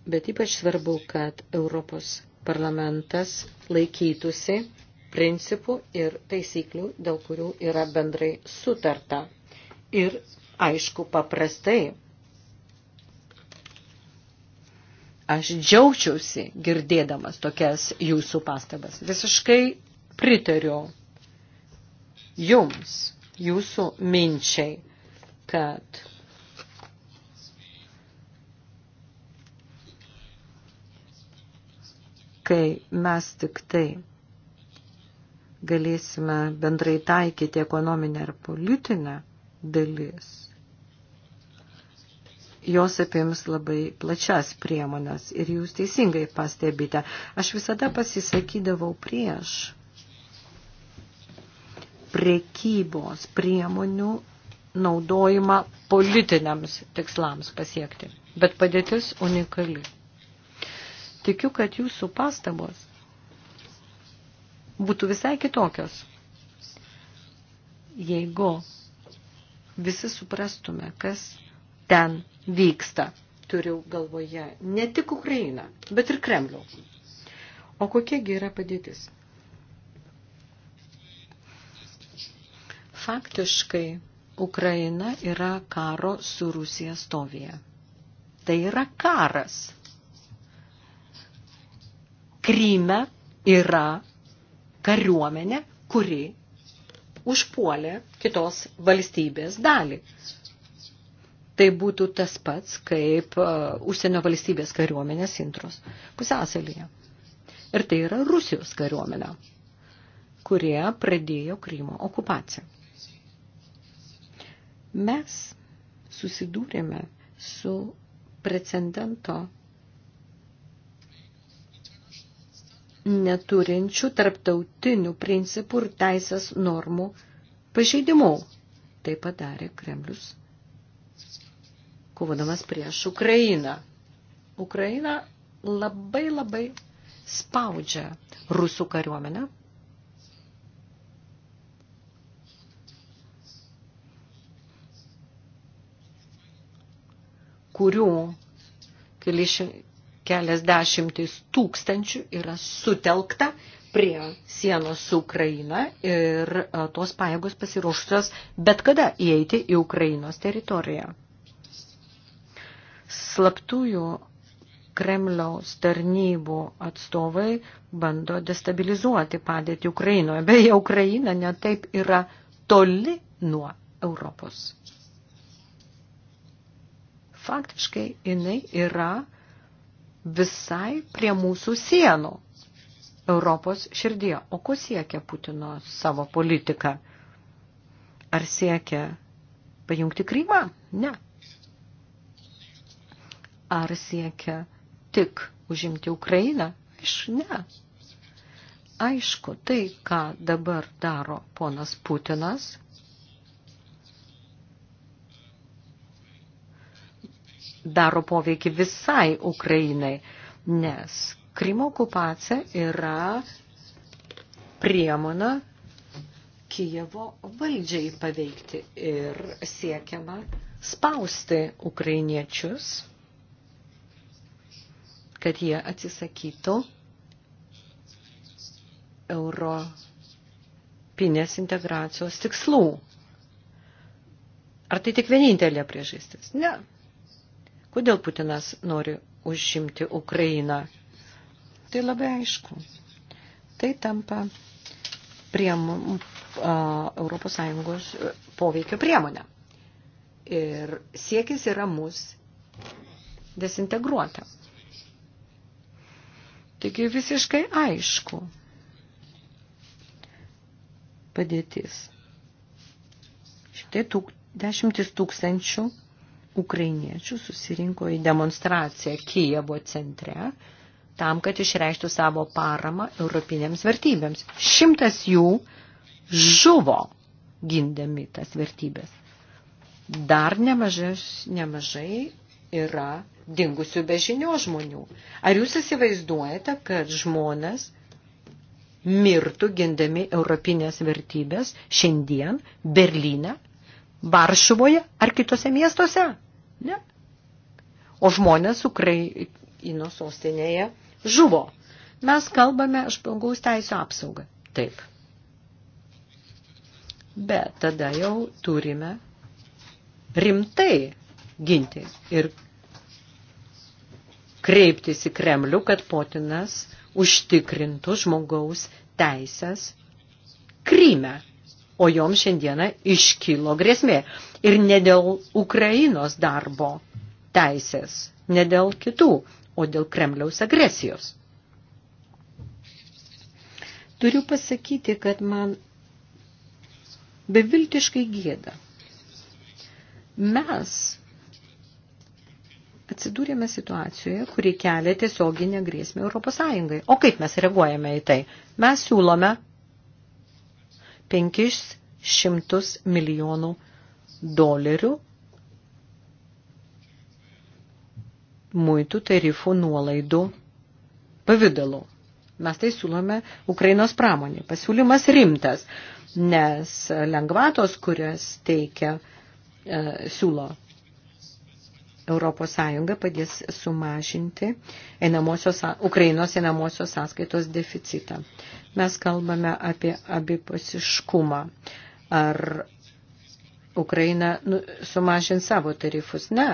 bet ypač svarbu, kad Europos parlamentas laikytųsi principų ir taisyklių, dėl kurių yra bendrai sutarta. Ir aišku, paprastai aš džiaugčiausi girdėdamas tokias jūsų pastabas. Visiškai pritariu jums, jūsų minčiai, kad kai mes tik tai galėsime bendrai taikyti ekonominę ir politinę dalis, jos apims labai plačias priemonės ir jūs teisingai pastebite. Aš visada pasisakydavau prieš prekybos priemonių naudojimą politiniams tikslams pasiekti. Bet padėtis unikali. Tikiu, kad jūsų pastabos būtų visai kitokios. Jeigu visi suprastume, kas ten vyksta, turiu galvoje ne tik Ukrainą, bet ir Kremliau. O kokiegi yra padėtis? Faktiškai Ukraina yra karo su Rusija stovėje. Tai yra karas. Kryme yra kariuomenę, kuri užpuolė kitos valstybės dalį. Tai būtų tas pats, kaip uh, užsienio valstybės kariuomenės intros pusęsalyje. Ir tai yra Rusijos kariuomenė, kurie pradėjo Krymo okupaciją. Mes susidūrėme su precedento neturinčių tarptautinių principų ir teisės normų pažeidimų. Tai padarė Kremlius, kovodamas prieš Ukrainą. Ukraina labai labai spaudžia rusų kariuomenę. kurių keli keliasdešimtis tūkstančių yra sutelkta prie sienos su Ukraina ir e, tos pajėgos pasiruošusios bet kada įeiti į Ukrainos teritoriją. Slaptųjų Kremliaus tarnybų atstovai bando destabilizuoti padėtį Ukrainoje. Beje, Ukraina netaip yra toli nuo Europos. Faktiškai jinai yra uh, visai prie mūsų sienų, Europos širdyje. O ko siekia Putino savo politiką? Ar siekia pajungti Krymą? Ne. Ar siekia tik užimti Ukrainą? Iš ne. Aišku, tai, ką dabar daro ponas Putinas, daro poveikį visai Ukrainai, nes Krymo okupacija yra priemona Kijevo valdžiai paveikti ir siekiama spausti ukrainiečius, kad jie atsisakytų europinės integracijos tikslų. Ar tai tik vienintelė priežastis? Ne, Kodėl Putinas nori užimti Ukrainą? Tai labai aišku. Tai tampa priem, uh, ES poveikio priemonę. Ir siekis yra mus desintegruoti. Taigi visiškai aišku padėtis. Štai tūk, dešimtis tūkstančių ukrainiečių susirinko į demonstraciją Kijevo centre tam, kad išreikštų savo paramą europinėms vertybėms. Šimtas jų žuvo gindami tas vertybės. Dar nemažai, nemažai yra dingusių bežinio žmonių. Ar jūs įsivaizduojate, kad žmonės mirtų gindami europinės vertybės šiandien Berlyne Varšuvoje ar kitose miestuose? Ne. O žmonės Ukraino sostinėje žuvo. Mes kalbame žmogaus teisų apsaugą. Taip. Bet tada jau turime rimtai ginti ir kreiptis į Kremlių, kad Potinas užtikrintų žmogaus teisės Kryme o joms šiandieną iškilo grėsmė. Ir ne dėl Ukrainos darbo teisės, ne dėl kitų, o dėl Kremliaus agresijos. Turiu pasakyti, kad man beviltiškai gėda. Mes atsidūrėme situacijoje, kuri kelia tiesioginę grėsmę Europos Sąjungai. O kaip mes reaguojame į tai? Mes siūlome 500 milijonų dolerių muitų tarifų nuolaidų pavydalu. Mes tai siūlome Ukrainos pramonį. Pasiūlymas rimtas, nes lengvatos, kurias teikia, e, siūlo Europos Sąjunga padės sumažinti einamosios, Ukrainos einamosios sąskaitos deficitą. Mes kalbame apie abipasiškumą. Ar Ukraina nu, sumažins savo tarifus? Ne.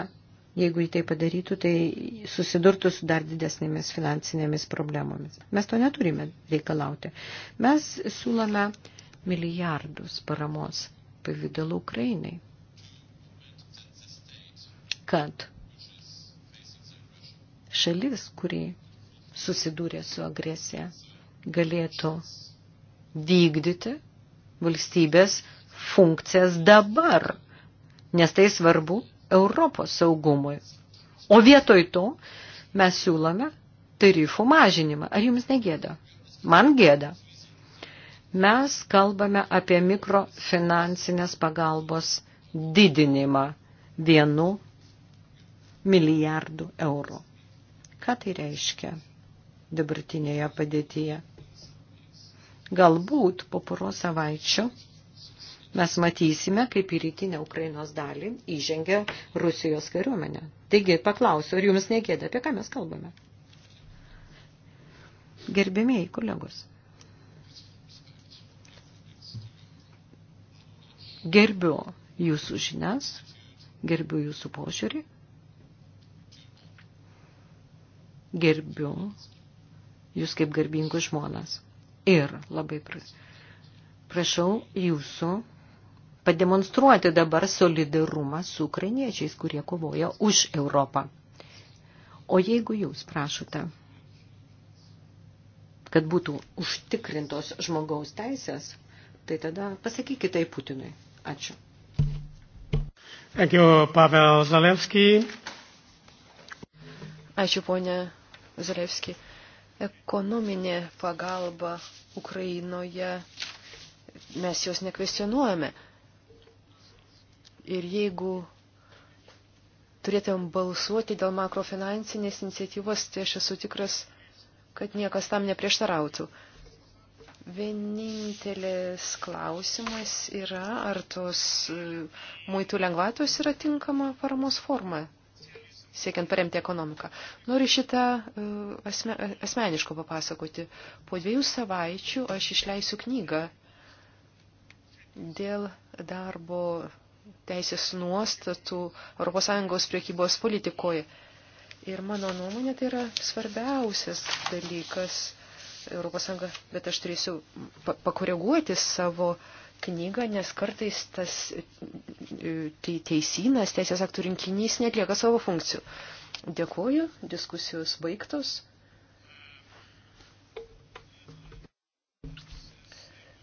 Jeigu jį tai padarytų, tai susidurtų su dar didesnėmis finansinėmis problemomis. Mes to neturime reikalauti. Mes siūlome milijardus paramos pavydalų Ukrainai kad šalis, kuri susidūrė su agresija, galėtų vykdyti valstybės funkcijas dabar, nes tai svarbu Europos saugumui. O vietoj to mes siūlome tarifų mažinimą. Ar jums negėda? Man gėda. Mes kalbame apie mikrofinansinės pagalbos didinimą vienu milijardų eurų. Ką tai reiškia dabartinėje padėtyje? Galbūt po poros savaičių mes matysime, kaip į rytinę Ukrainos dalį įžengia Rusijos kariuomenė. Taigi, paklausiu, ar jums negėda, apie ką mes kalbame? Gerbėmėjai kolegos. Gerbiu jūsų žinias, gerbiu jūsų požiūrį gerbiu jūs kaip garbingus žmonas. Ir labai prašau jūsų pademonstruoti dabar solidarumą su ukrainiečiais, kurie kovoja už Europą. O jeigu jūs prašote, kad būtų užtikrintos žmogaus teisės, tai tada pasakykite tai Putinui. Ačiū. Ačiū, Pavel Zalevski. Ačiū, ponė Zalevski, ekonominė pagalba Ukrainoje, mes jos nekvestionuojame. Ir jeigu turėtumėm balsuoti dėl makrofinansinės iniciatyvos, tai aš esu tikras, kad niekas tam neprieštarautų. Vienintelis klausimas yra, ar tos e, muitų lengvatos yra tinkama paramos forma siekiant paremti ekonomiką. Noriu šitą e, asme, asmeniško papasakoti. Po dviejų savaičių aš išleisiu knygą dėl darbo teisės nuostatų ES priekybos politikoje. Ir mano nuomonė tai yra svarbiausias dalykas ES, bet aš turėsiu pakoreguoti savo uh, knygą, nes kartais tas tai teisinas, teisės aktų rinkinys netlieka savo funkcijų. Dėkuoju, diskusijos baigtos.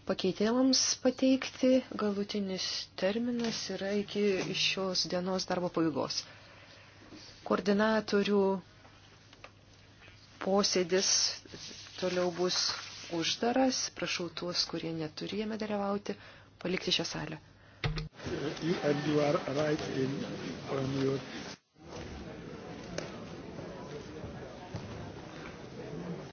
Pakeitėlams pateikti galutinis terminas yra iki šios dienos darbo pabaigos. Koordinatorių posėdis toliau bus uždaras. Prašau tuos, kurie neturi jame dalyvauti, palikti šią salę. You, and you are right in, on your